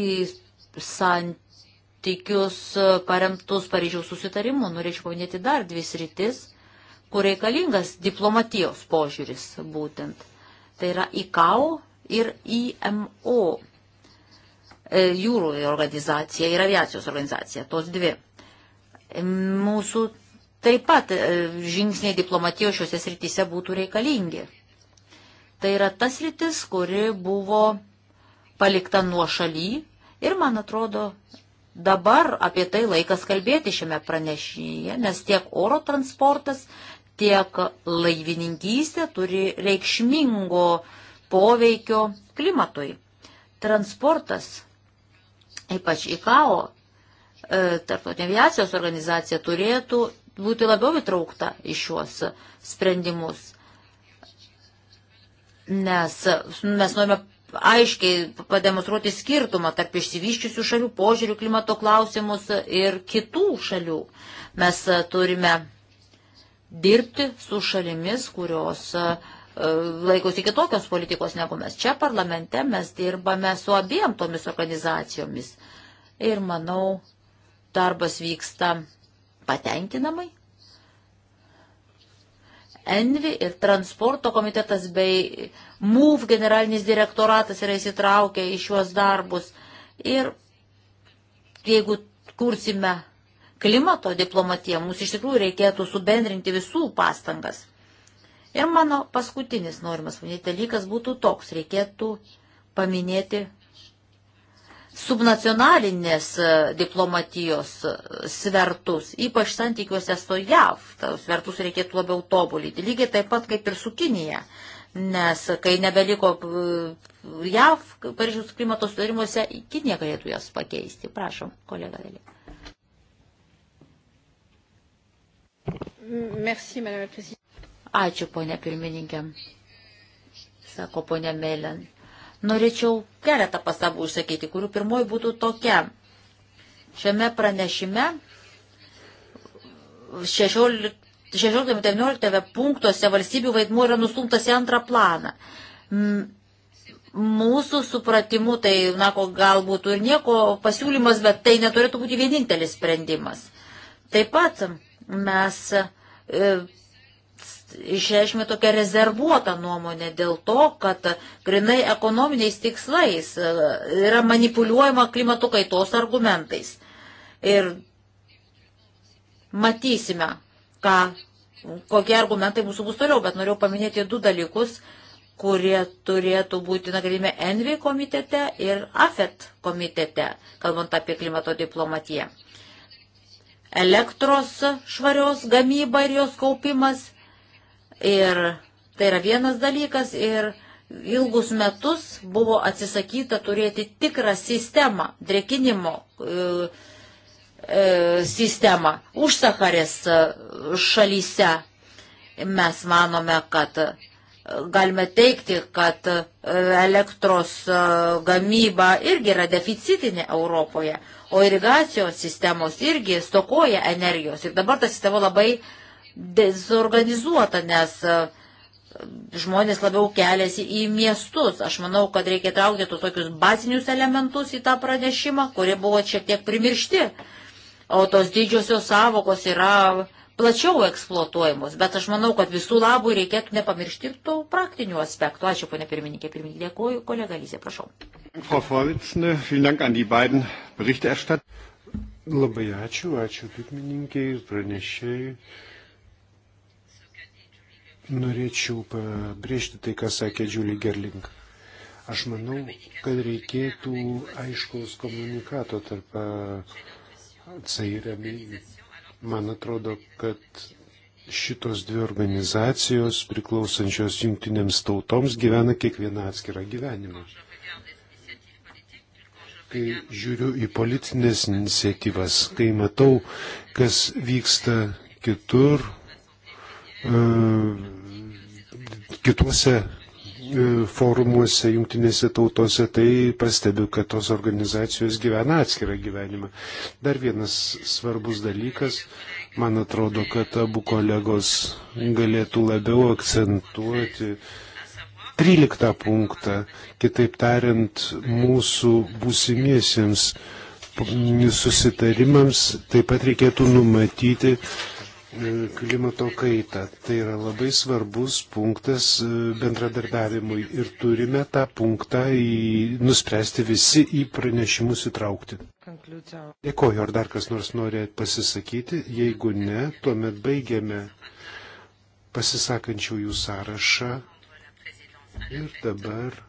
į santykius paremtus Paryžiaus susitarimu. Norėčiau paminėti dar dvi sritis, kur reikalingas diplomatijos požiūris būtent. Tai yra IKAO ir IMO e, jūrų organizacija ir aviacijos organizacija, tos dvi. E, mūsų taip pat e, žingsniai diplomatijos šiuose srityse būtų reikalingi. Tai yra tas rytis, kuri buvo palikta nuo šaly ir, man atrodo, dabar apie tai laikas kalbėti šiame pranešyje, nes tiek oro transportas, tiek laivininkystė turi reikšmingo uh, poveikio klimatui. Transportas, ypač ICAO, e, Tarptautinė aviacijos organizacija turėtų būti labiau įtraukta į šiuos sprendimus, nes mes norime aiškiai pademonstruoti skirtumą tarp išsivyščiusių šalių požiūrių klimato klausimus ir kitų šalių. Mes turime dirbti su šalimis, kurios uh, E, laikosi kitokios politikos negu mes. Čia parlamente mes dirbame su abiem tomis organizacijomis. Ir manau, darbas vyksta patenkinamai. Envi ir transporto komitetas bei MUV generalinis direktoratas yra įsitraukę į šiuos darbus. Ir jeigu kursime klimato diplomatiją, mums iš tikrųjų reikėtų subendrinti visų pastangas. Ir mano paskutinis norimas paminėti dalykas būtų toks, reikėtų paminėti subnacionalinės e, diplomatijos e, svertus, ypač santykiuose su JAV, tos svertus reikėtų labiau tobulinti, lygiai taip pat kaip ir su Kinija, nes kai nebeliko e, JAV, Paryžiaus klimato sudarimuose, Kinija galėtų jas pakeisti. Prašom, kolega Dėlė. Merci, madame la présidente. Ačiū, ponė pirmininkė, sako ponė Melen. Norėčiau keletą pastabų išsakyti, kurių pirmoji būtų tokia. Šiame pranešime 16-19 punktuose valstybių vaidmuo yra nustumtas į antrą planą. Mūsų supratimu, tai, na, ko galbūt ir nieko pasiūlymas, bet tai neturėtų būti vienintelis sprendimas. Taip pat mes e, išreiškime tokią rezervuotą nuomonę dėl to, kad grinai ekonominiais tikslais e, yra manipuliuojama klimato kaitos argumentais. Ir matysime, ką, kokie argumentai mūsų bus toliau, bet norėjau paminėti du dalykus, kurie turėtų būti nagrinime Envi komitete ir AFET komitete, kalbant apie klimato diplomatiją. Elektros švarios gamyba ir jos kaupimas Ir tai yra vienas dalykas ir ilgus metus buvo atsisakyta turėti tikrą sistemą, drekinimo e, e, sistemą užsaharės e, šalyse. Mes manome, kad e, galime teikti, kad e, elektros gamyba irgi yra deficitinė Europoje, o irigacijos sistemos irgi stokoja energijos. Ir dabar ta sistema labai uh, dezorganizuota, nes e, žmonės labiau keliasi į miestus. Aš manau, kad reikia traukti to tokius bazinius elementus į tą pranešimą, kurie buvo šiek tiek primiršti. O tos didžiosios savokos yra plačiau eksploatuojamos. Bet aš manau, kad visų labų reikėtų nepamiršti ir tų praktinių aspektų. Ačiū, ponė pirmininkė. Pirmininkė, dėkuoju. Kolega Lysė, prašau. Labai ačiū, ačiū pirmininkiai, pranešėjai. Norėčiau pabrėžti tai, ką sakė Džiulį Gerling. Aš manau, kad reikėtų aiškaus komunikato tarp Cairami. Man atrodo, kad šitos dvi organizacijos priklausančios jungtinėms tautoms gyvena kiekvieną atskirą gyvenimą. Kai žiūriu į politinės iniciatyvas, kai matau, kas vyksta kitur, e, kituose e, forumuose, jungtinėse tautose, tai pastebiu, kad tos organizacijos gyvena atskirą gyvenimą. Dar vienas svarbus dalykas, man atrodo, kad abu kolegos galėtų labiau akcentuoti 13 punktą, kitaip tariant, mūsų būsimiesiems susitarimams taip pat reikėtų numatyti E, klimato kaitą. Tai yra labai svarbus punktas e, bendradarbiavimui ir turime tą punktą į, nuspręsti visi į pranešimus įtraukti. Dėkoju, ar dar kas nors nori pasisakyti? Jeigu ne, tuomet baigiame pasisakančiųjų sąrašą ir dabar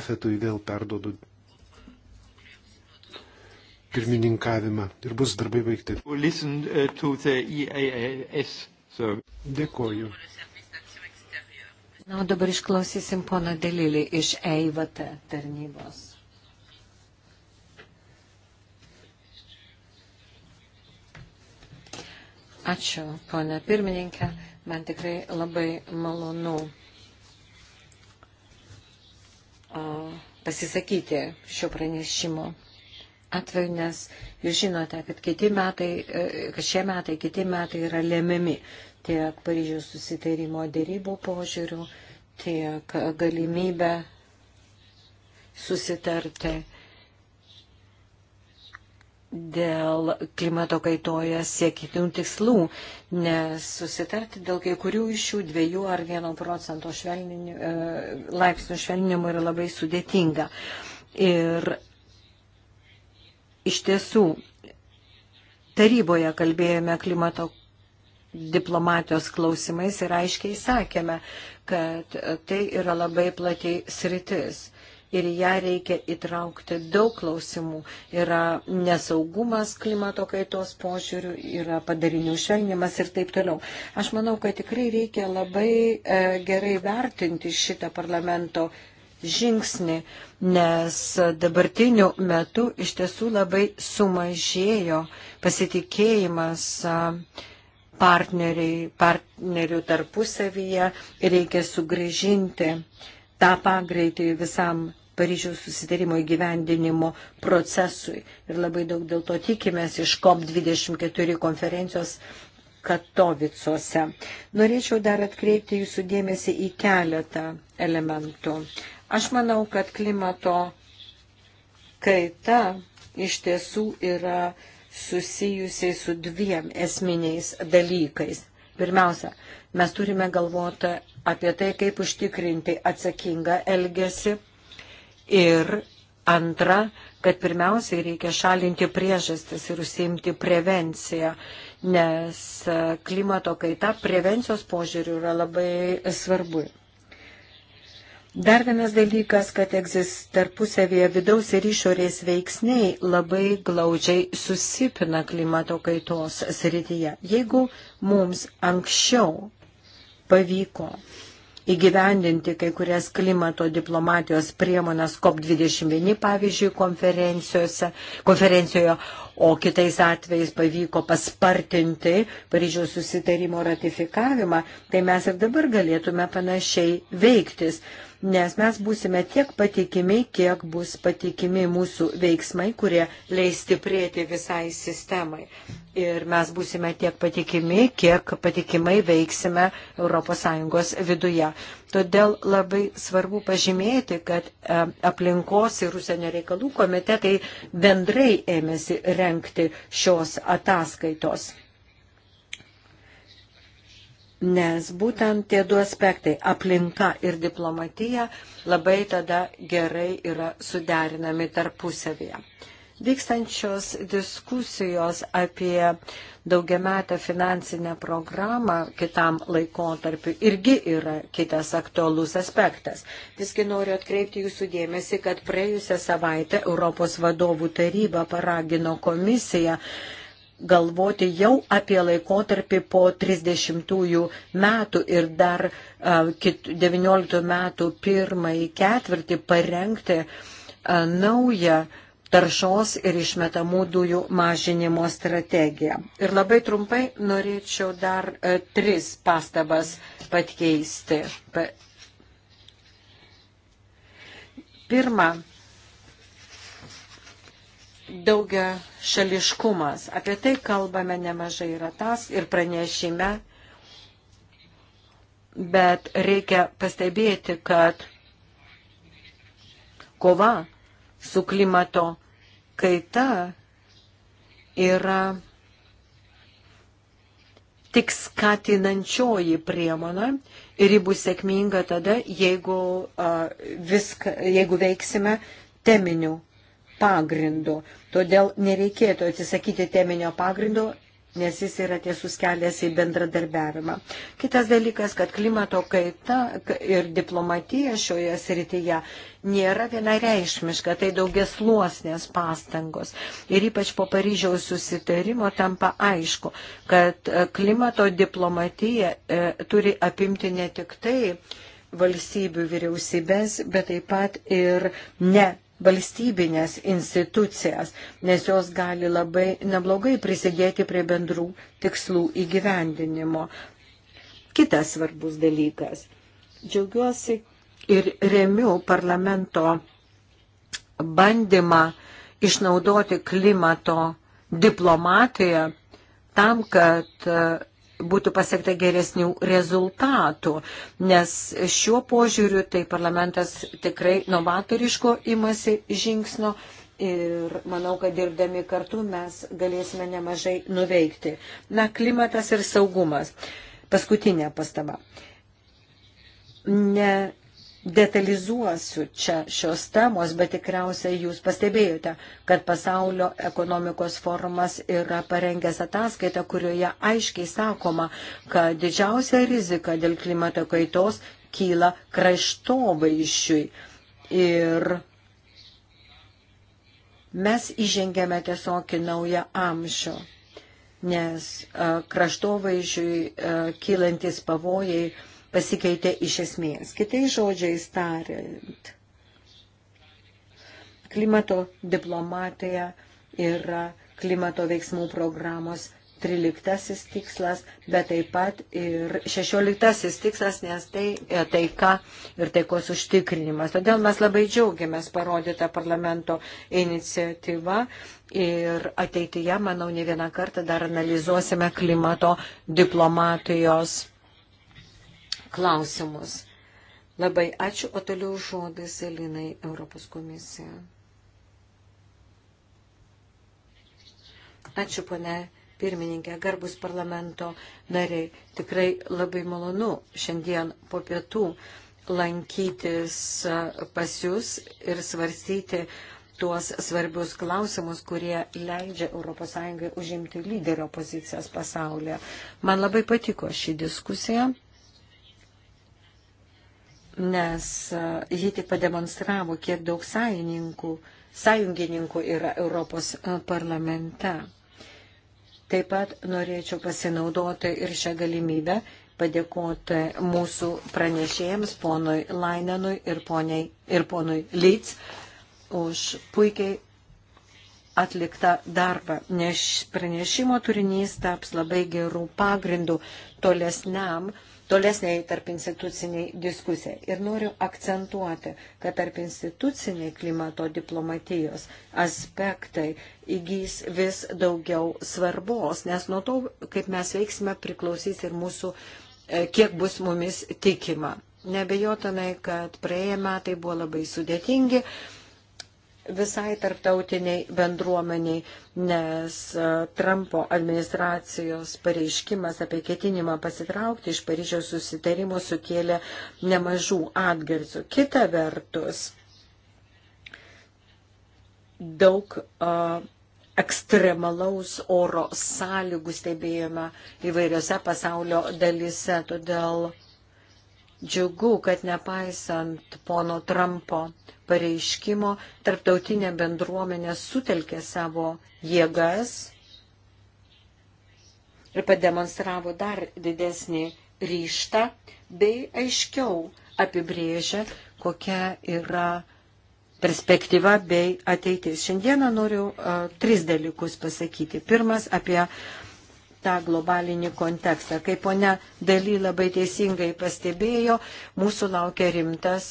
afetui vėl perdodu pirmininkavimą ir bus darbai baigti. Uh, e Dėkoju. Na, o dabar išklausysim pono Delilį iš EIVT tarnybos. Ačiū, ponė pirmininkė. Man tikrai labai malonu pasisakyti šio pranešimo atveju, nes jūs žinote, kad, kiti metai, e, kad šie metai, kiti metai yra lemiami tiek Paryžiaus susitarimo dėrybų požiūrių, tiek galimybę susitarti dėl klimato kaitoje siekitinų tikslų, nes susitarti dėl kai kurių iš šių dviejų ar vieno procento švelnini, e, laipsnių švelninimo yra labai sudėtinga. Ir Iš tiesų, taryboje kalbėjome klimato diplomatijos klausimais ir aiškiai sakėme, kad tai yra labai platiai sritis. Ir ją reikia įtraukti daug klausimų. Yra nesaugumas klimato kaitos požiūrių, yra padarinių švelnimas ir taip toliau. Aš manau, kad tikrai reikia labai e, gerai vertinti šitą parlamento žingsnį, nes dabartiniu metu iš tiesų labai sumažėjo pasitikėjimas partnerių tarpusavyje ir reikia sugražinti tą pagreitį visam Paryžiaus susitarimo įgyvendinimo procesui. Ir labai daug dėl to tikimės iš COP24 konferencijos Katovicuose. Norėčiau dar atkreipti jūsų dėmesį į keletą elementų. Aš manau, kad klimato kaita iš tiesų yra susijusiai su dviem esminiais dalykais. Pirmiausia, mes turime galvoti apie tai, kaip užtikrinti atsakingą elgesį ir antra, kad pirmiausiai reikia šalinti priežastis ir užsiimti prevenciją, nes klimato kaita prevencijos požiūrių yra labai svarbu. Dar vienas dalykas, kad egzist tarpusavėje vidaus ir išorės veiksniai labai glaudžiai susipina klimato kaitos srityje. Jeigu mums anksčiau pavyko įgyvendinti kai kurias klimato diplomatijos priemonas COP21, pavyzdžiui, konferencijoje, o kitais atvejais pavyko paspartinti Paryžiaus susitarimo ratifikavimą, tai mes ir dabar galėtume panašiai veiktis nes mes būsime tiek patikimi, kiek bus patikimi mūsų veiksmai, kurie leis stiprėti visai sistemai. Ir mes būsime tiek patikimi, kiek patikimai veiksime ES viduje. Todėl labai svarbu pažymėti, kad e, aplinkos ir užsienio reikalų komitetai bendrai ėmėsi renkti šios ataskaitos nes būtent tie du aspektai - aplinka ir diplomatija - labai tada gerai yra suderinami tarpusavėje. Vykstančios diskusijos apie daugiametę finansinę programą kitam laikotarpiu irgi yra kitas aktualus aspektas. Visgi noriu atkreipti jūsų dėmesį, kad praėjusią savaitę Europos vadovų taryba paragino komisiją galvoti jau apie laikotarpį po 30 metų ir dar 19 metų pirmąjį ketvirtį parengti naują taršos ir išmetamų dujų mažinimo strategiją. Ir labai trumpai norėčiau dar tris pastabas pakeisti. Pirma, daugia šališkumas. Apie tai kalbame nemažai yra tas ir pranešime, bet reikia pastebėti, kad kova su klimato kaita yra tik skatinančioji priemonė ir ji bus sėkminga tada, jeigu, uh, viską, jeigu veiksime teminių pagrindų. Todėl nereikėtų atsisakyti teminio pagrindo, nes jis yra tiesus kelias į bendradarbiavimą. Kitas dalykas, kad klimato kaita ir diplomatija šioje srityje nėra vienareišmiška, tai daugias luosnės pastangos. Ir ypač po Paryžiaus susitarimo tampa aišku, kad e, klimato diplomatija e, turi apimti ne tik tai, valstybių vyriausybės, bet taip pat ir ne valstybinės institucijas, nes jos gali labai neblogai prisidėti prie bendrų tikslų įgyvendinimo. Kitas svarbus dalykas. Džiaugiuosi ir remiu parlamento bandymą išnaudoti klimato diplomatiją tam, kad būtų pasiekta geresnių rezultatų, nes šiuo požiūriu tai parlamentas tikrai novatoriško imasi žingsnio ir manau, kad dirbdami kartu mes galėsime nemažai nuveikti. Na, klimatas ir saugumas. Paskutinė pastaba. Ne detalizuosiu čia šios temos, bet tikriausiai jūs pastebėjote, kad pasaulio ekonomikos forumas yra parengęs ataskaitą, kurioje aiškiai sakoma, kad didžiausia rizika dėl klimato kaitos kyla kraštovaišiui. Ir mes įžengėme tiesiog į naują amžių nes kraštovaizdžiui kylantis pavojai pasikeitė iš esmės. Kitai žodžiai tariant, klimato diplomatija yra klimato veiksmų programos 13 tikslas, bet taip pat ir 16 tikslas, nes tai e, taika ir taikos užtikrinimas. Todėl mes labai džiaugiamės parodytą parlamento iniciatyvą ir ateityje, manau, ne vieną kartą dar analizuosime klimato diplomatijos klausimus. Labai ačiū, o toliau žodis Elinai Europos komisija. Ačiū, pone pirmininkė, garbus parlamento nariai. Tikrai labai malonu šiandien po pietų lankytis pas jūs ir svarstyti tuos svarbius klausimus, kurie leidžia ES užimti lyderio pozicijas pasaulyje. Man labai patiko ši diskusija nes e, ji tik pademonstravo, kiek daug sąjungininkų, sąjungininkų yra Europos e, parlamente. Taip pat norėčiau pasinaudoti ir šią galimybę padėkoti mūsų pranešėjams, ponui Lainenui ir, poniai, ir ponui Lyts, už puikiai atliktą darbą, nes pranešimo turinys taps labai gerų pagrindų tolesniam uh, tolesniai tarp instituciniai diskusijai. Ir noriu akcentuoti, kad tarp instituciniai klimato diplomatijos aspektai įgys vis daugiau svarbos, nes nuo to, kaip mes veiksime, priklausys ir mūsų, e, kiek bus mumis tikima. Nebejotinai, kad praėję metai buvo labai sudėtingi visai tarptautiniai bendruomeniai, nes e, Trumpo administracijos pareiškimas apie ketinimą pasitraukti iš Paryžiaus susitarimo sukėlė nemažų atgarsių. Kita vertus, daug uh, ekstremalaus oro sąlygų stebėjome įvairiose pasaulio dalise, todėl uh, Džiugu, kad nepaisant pono Trumpo pareiškimo, tarptautinė bendruomenė sutelkė savo jėgas ir pademonstravo dar didesnį ryštą bei aiškiau apibrėžė, kokia yra perspektyva bei ateitis. Šiandieną noriu uh, tris dalykus pasakyti. Pirmas apie uh, tą globalinį kontekstą. Kaip ponia Daly labai teisingai pastebėjo, mūsų laukia rimtas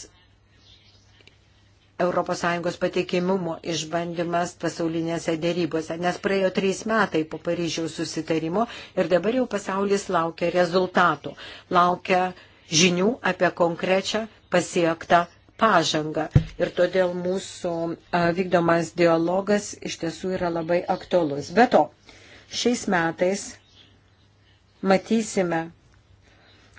ES patikimumo išbandymas pasaulinėse dėrybose, nes praėjo trys metai po Paryžiaus susitarimo ir dabar jau pasaulis laukia rezultatų, laukia žinių apie konkrečią pasiektą pažangą. Ir todėl mūsų vykdomas dialogas iš tiesų yra labai aktuolus. Be to, šiais metais matysime,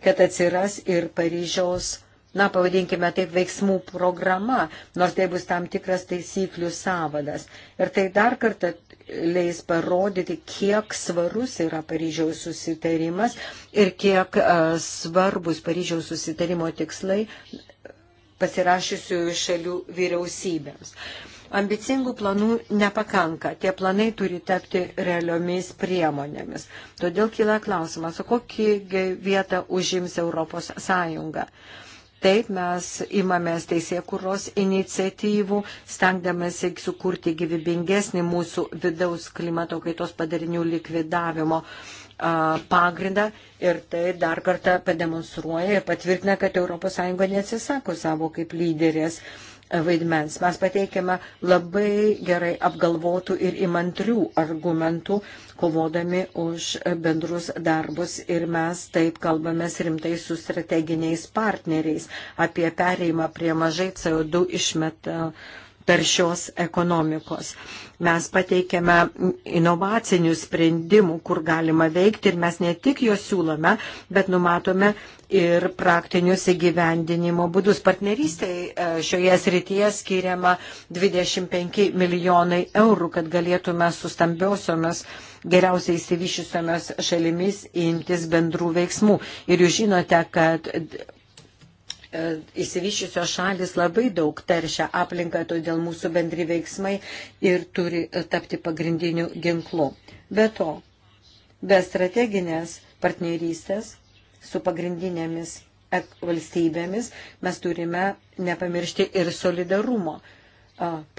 kad atsiras ir Paryžiaus, na, pavadinkime taip, veiksmų programa, nors tai bus tam tikras taisyklių savadas. Ir tai dar kartą leis parodyti, kiek svarus yra Paryžiaus susitarimas ir kiek uh, svarbus Paryžiaus susitarimo tikslai pasirašysių šalių vyriausybėms. Uh, Ambicingų planų nepakanka, tie planai turi tapti realiomis priemonėmis. Todėl kyla klausimas, o kokį vietą užims Europos Sąjunga. Taip mes imamės teisėkuros iniciatyvų, stengdamėsi sukurti gyvybingesnį mūsų vidaus klimato kaitos padarinių likvidavimo pagrindą ir tai dar kartą pademonstruoja ir patvirtina, kad ES neatsisako savo kaip lyderės uh, vaidmens. Mes pateikėme labai gerai apgalvotų ir įmantrių argumentų, kovodami už bendrus darbus ir mes taip kalbamės rimtai su strateginiais partneriais apie pereimą prie mažai CO2 išmetą taršios ekonomikos. Mes pateikiame inovacinių sprendimų, kur galima veikti ir mes ne tik juos siūlome, bet numatome ir praktinius įgyvendinimo būdus. Partnerystai e, šioje srityje skiriama 25 milijonai eurų, kad galėtume su stambiosiomis geriausiai įsivyšiusiomis šalimis imtis bendrų veiksmų. Ir jūs žinote, kad įsivyščiusios e, šalis labai daug teršia aplinką, todėl mūsų bendri veiksmai ir turi e, tapti pagrindiniu ginklu. Be to, be strateginės partnerystės su pagrindinėmis valstybėmis mes turime nepamiršti ir solidarumo e,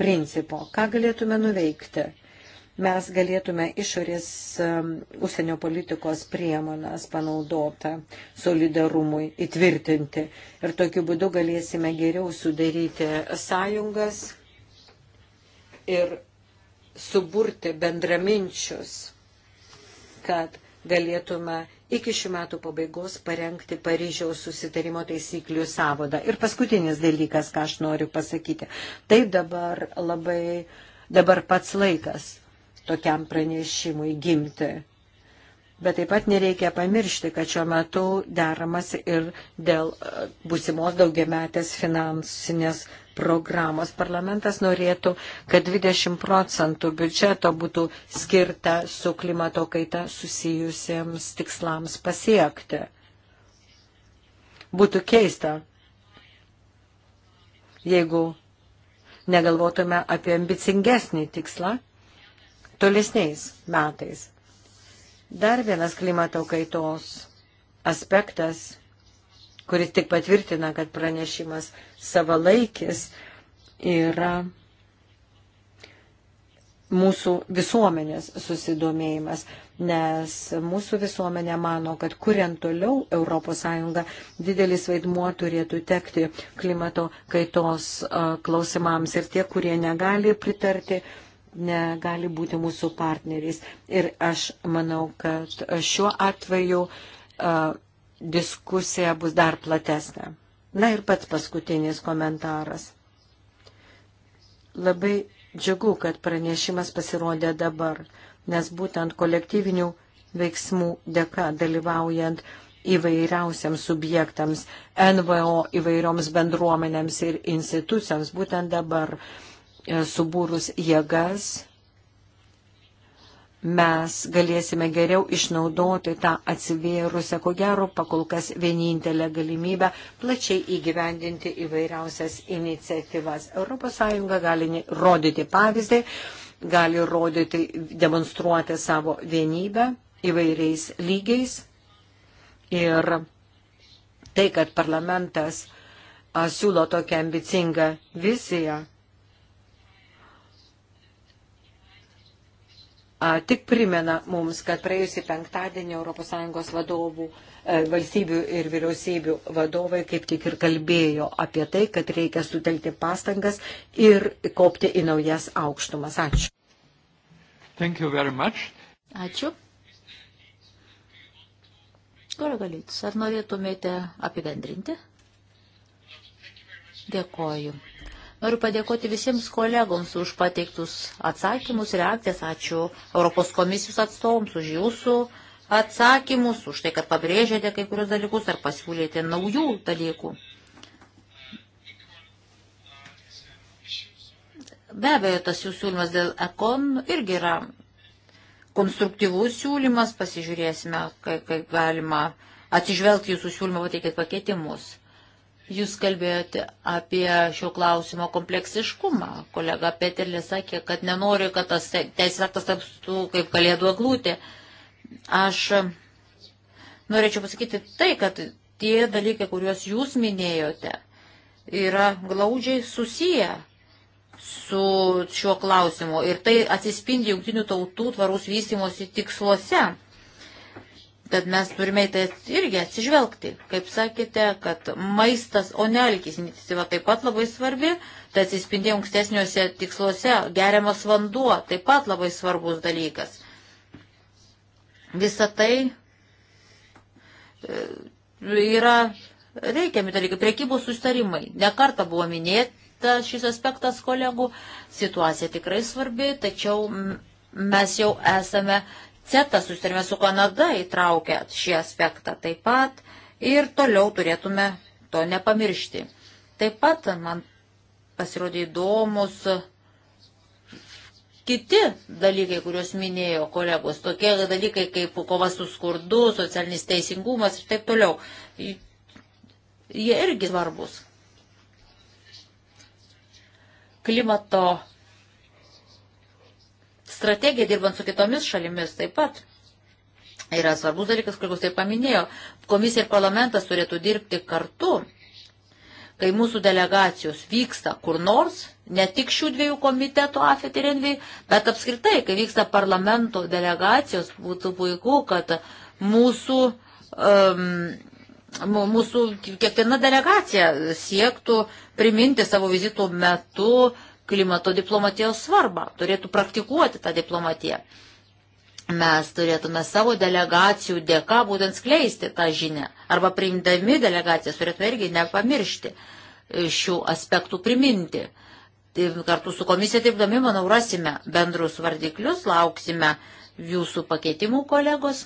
principo. Ką galėtume nuveikti? mes galėtume išorės užsienio politikos priemonas panaudotą solidarumui įtvirtinti. Ir tokiu būdu galėsime geriau sudaryti sąjungas ir suburti bendraminčius, kad galėtume iki šių metų pabaigos parengti Paryžiaus susitarimo taisyklių savodą. Ir paskutinis dalykas, ką aš noriu pasakyti. Tai dabar labai, dabar pats laikas tokiam pranešimui gimti. Bet taip pat nereikia pamiršti, kad šiuo metu deramas ir dėl e, būsimos daugiametės finansinės programos. Parlamentas norėtų, kad 20 procentų biudžeto būtų skirta su klimato kaita susijusiems tikslams pasiekti. Būtų keista, jeigu negalvotume apie ambicingesnį tikslą tolesniais metais. Dar vienas klimato kaitos aspektas, kuris tik patvirtina, kad pranešimas savalaikis yra mūsų visuomenės susidomėjimas, nes mūsų visuomenė mano, kad kuriant toliau ES didelis vaidmuo turėtų tekti klimato kaitos klausimams ir tie, kurie negali pritarti negali būti mūsų partneriais. Ir aš manau, kad šiuo atveju a, diskusija bus dar platesnė. Na ir pats paskutinis komentaras. Labai džiugu, kad pranešimas pasirodė dabar, nes būtent kolektyvinių veiksmų dėka dalyvaujant įvairiausiams subjektams, NVO įvairioms bendruomenėms ir institucijoms, būtent dabar uh, E, subūrus jėgas, mes galėsime geriau išnaudoti tą atsivėrusią, ko gero, pakol kas vienintelę galimybę plačiai įgyvendinti įvairiausias iniciatyvas. ES gali rodyti pavyzdį, gali rodyti, demonstruoti savo vienybę įvairiais lygiais. Ir tai, kad parlamentas siūlo tokią ambicingą viziją, tik primena mums, kad praėjusį penktadienį ES vadovų e, valstybių ir vyriausybių vadovai kaip tik ir kalbėjo apie tai, kad reikia sutelkti pastangas ir kopti į naujas aukštumas. Ačiū. Ačiū. Koragalytis, ar norėtumėte apibendrinti? Dėkoju. Noriu padėkoti visiems kolegoms už pateiktus atsakymus, reakcijas. Ačiū Europos komisijos atstovams už jūsų atsakymus, už tai, kad pabrėžėte kai kurios dalykus ar pasiūlėte naujų dalykų. Be abejo, tas jūsų siūlymas dėl ekon irgi yra konstruktyvus siūlymas, pasižiūrėsime, kaip galima atsižvelgti jūsų siūlymą, pateikėt pakeitimus. Jūs kalbėjote apie šio klausimo kompleksiškumą. Kolega Peterlė sakė, kad nenori, kad tas teisės aktas tapstų kaip kalėdų aglūtė. Aš norėčiau pasakyti tai, kad tie dalykai, kuriuos jūs minėjote, yra glaudžiai susiję su šiuo klausimu ir tai atsispindi jungtinių tautų tvarus vystimosi tiksluose. Tad mes turime į tai irgi atsižvelgti. Kaip sakėte, kad maistas, o ne alkis iniciatyva taip pat labai svarbi, tai atsispindėjo ankstesniuose tiksluose, geriamas vanduo taip pat labai svarbus dalykas. Visą tai e, yra reikiami dalykai. Priekybos sustarimai. Nekarta buvo minėta šis aspektas kolegų. Situacija tikrai svarbi, tačiau mes jau esame CETA susitarime su Kanada įtraukia šį aspektą taip pat ir toliau turėtume to nepamiršti. Taip pat man pasirodė įdomus kiti dalykai, kuriuos minėjo kolegos, tokie dalykai kaip kova su skurdu, socialinis teisingumas ir taip toliau. Jie irgi svarbus. Klimato strategija dirbant su kitomis šalimis taip pat. Yra svarbus dalykas, kur jūs tai paminėjo. Komisija ir parlamentas turėtų dirbti kartu, kai mūsų delegacijos vyksta kur nors, ne tik šių dviejų komitetų AFET ir ENVI, bet apskritai, kai vyksta parlamento delegacijos, būtų puiku, kad mūsų, um, mūsų kiekviena delegacija siektų priminti savo vizitų metu uh, klimato diplomatijos svarbą, turėtų praktikuoti tą diplomatiją. Mes turėtume savo delegacijų dėka būtent skleisti tą žinią arba priimdami delegacijas turėtume irgi nepamiršti šių aspektų priminti. Tai kartu su komisija dirbdami, manau, rasime bendrus vardiklius, lauksime jūsų pakeitimų kolegos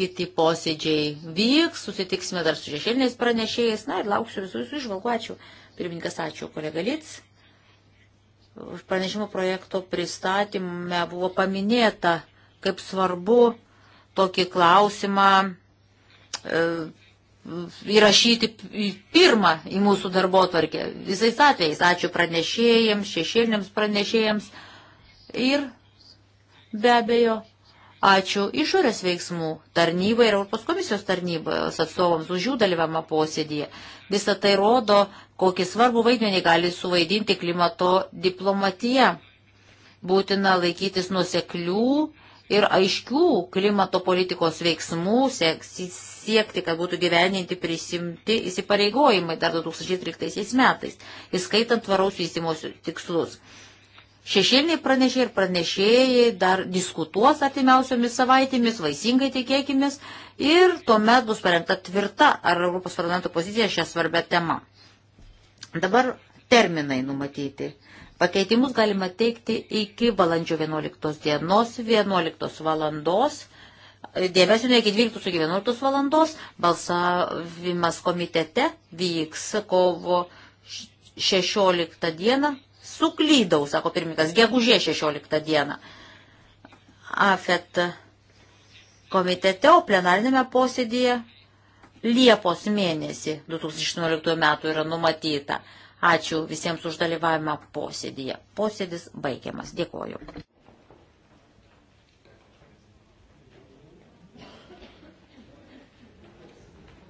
kiti posėdžiai vyks, susitiksime dar su šešėliniais pranešėjais, na ir lauksiu visų jūsų išvalgų, ačiū. Pirmininkas, ačiū, kolega Lits pranešimo projekto pristatymė buvo paminėta, kaip svarbu tokį klausimą e, įrašyti pirmą į mūsų darbo tvarkę. Visais atvejais ačiū pranešėjams, šešėliniams pranešėjams ir be abejo ačiū išorės veiksmų tarnybai ir Europos komisijos tarnybos atstovams už jų dalyvamą posėdį. Visą tai rodo, kokį svarbų vaidmenį gali suvaidinti klimato diplomatija. Būtina laikytis nuseklių ir aiškių klimato politikos veiksmų, siekti, kad būtų gyveninti prisimti įsipareigojimai dar 2013 metais, įskaitant tvaraus vystimosi tikslus. Šešėliniai pranešėjai ir pranešėjai dar diskutuos atimiausiomis savaitėmis, vaisingai tikėkimės, ir tuomet bus parengta tvirta ar Europos parlamento pozicija šią svarbę temą. Dabar terminai numatyti. Pakeitimus galima teikti iki balandžio 11 dienos, 11 valandos. Dėmesio ne iki 12 iki 11 valandos. Balsavimas komitete vyks kovo 16 dieną. Suklydau, sako pirmininkas, gegužė 16 dieną. AFET komitete, o plenarinėme posėdėje Liepos mėnesį 2018 metų yra numatyta. Ačiū visiems už dalyvavimą posėdėje. Posėdis baigiamas. Dėkuoju.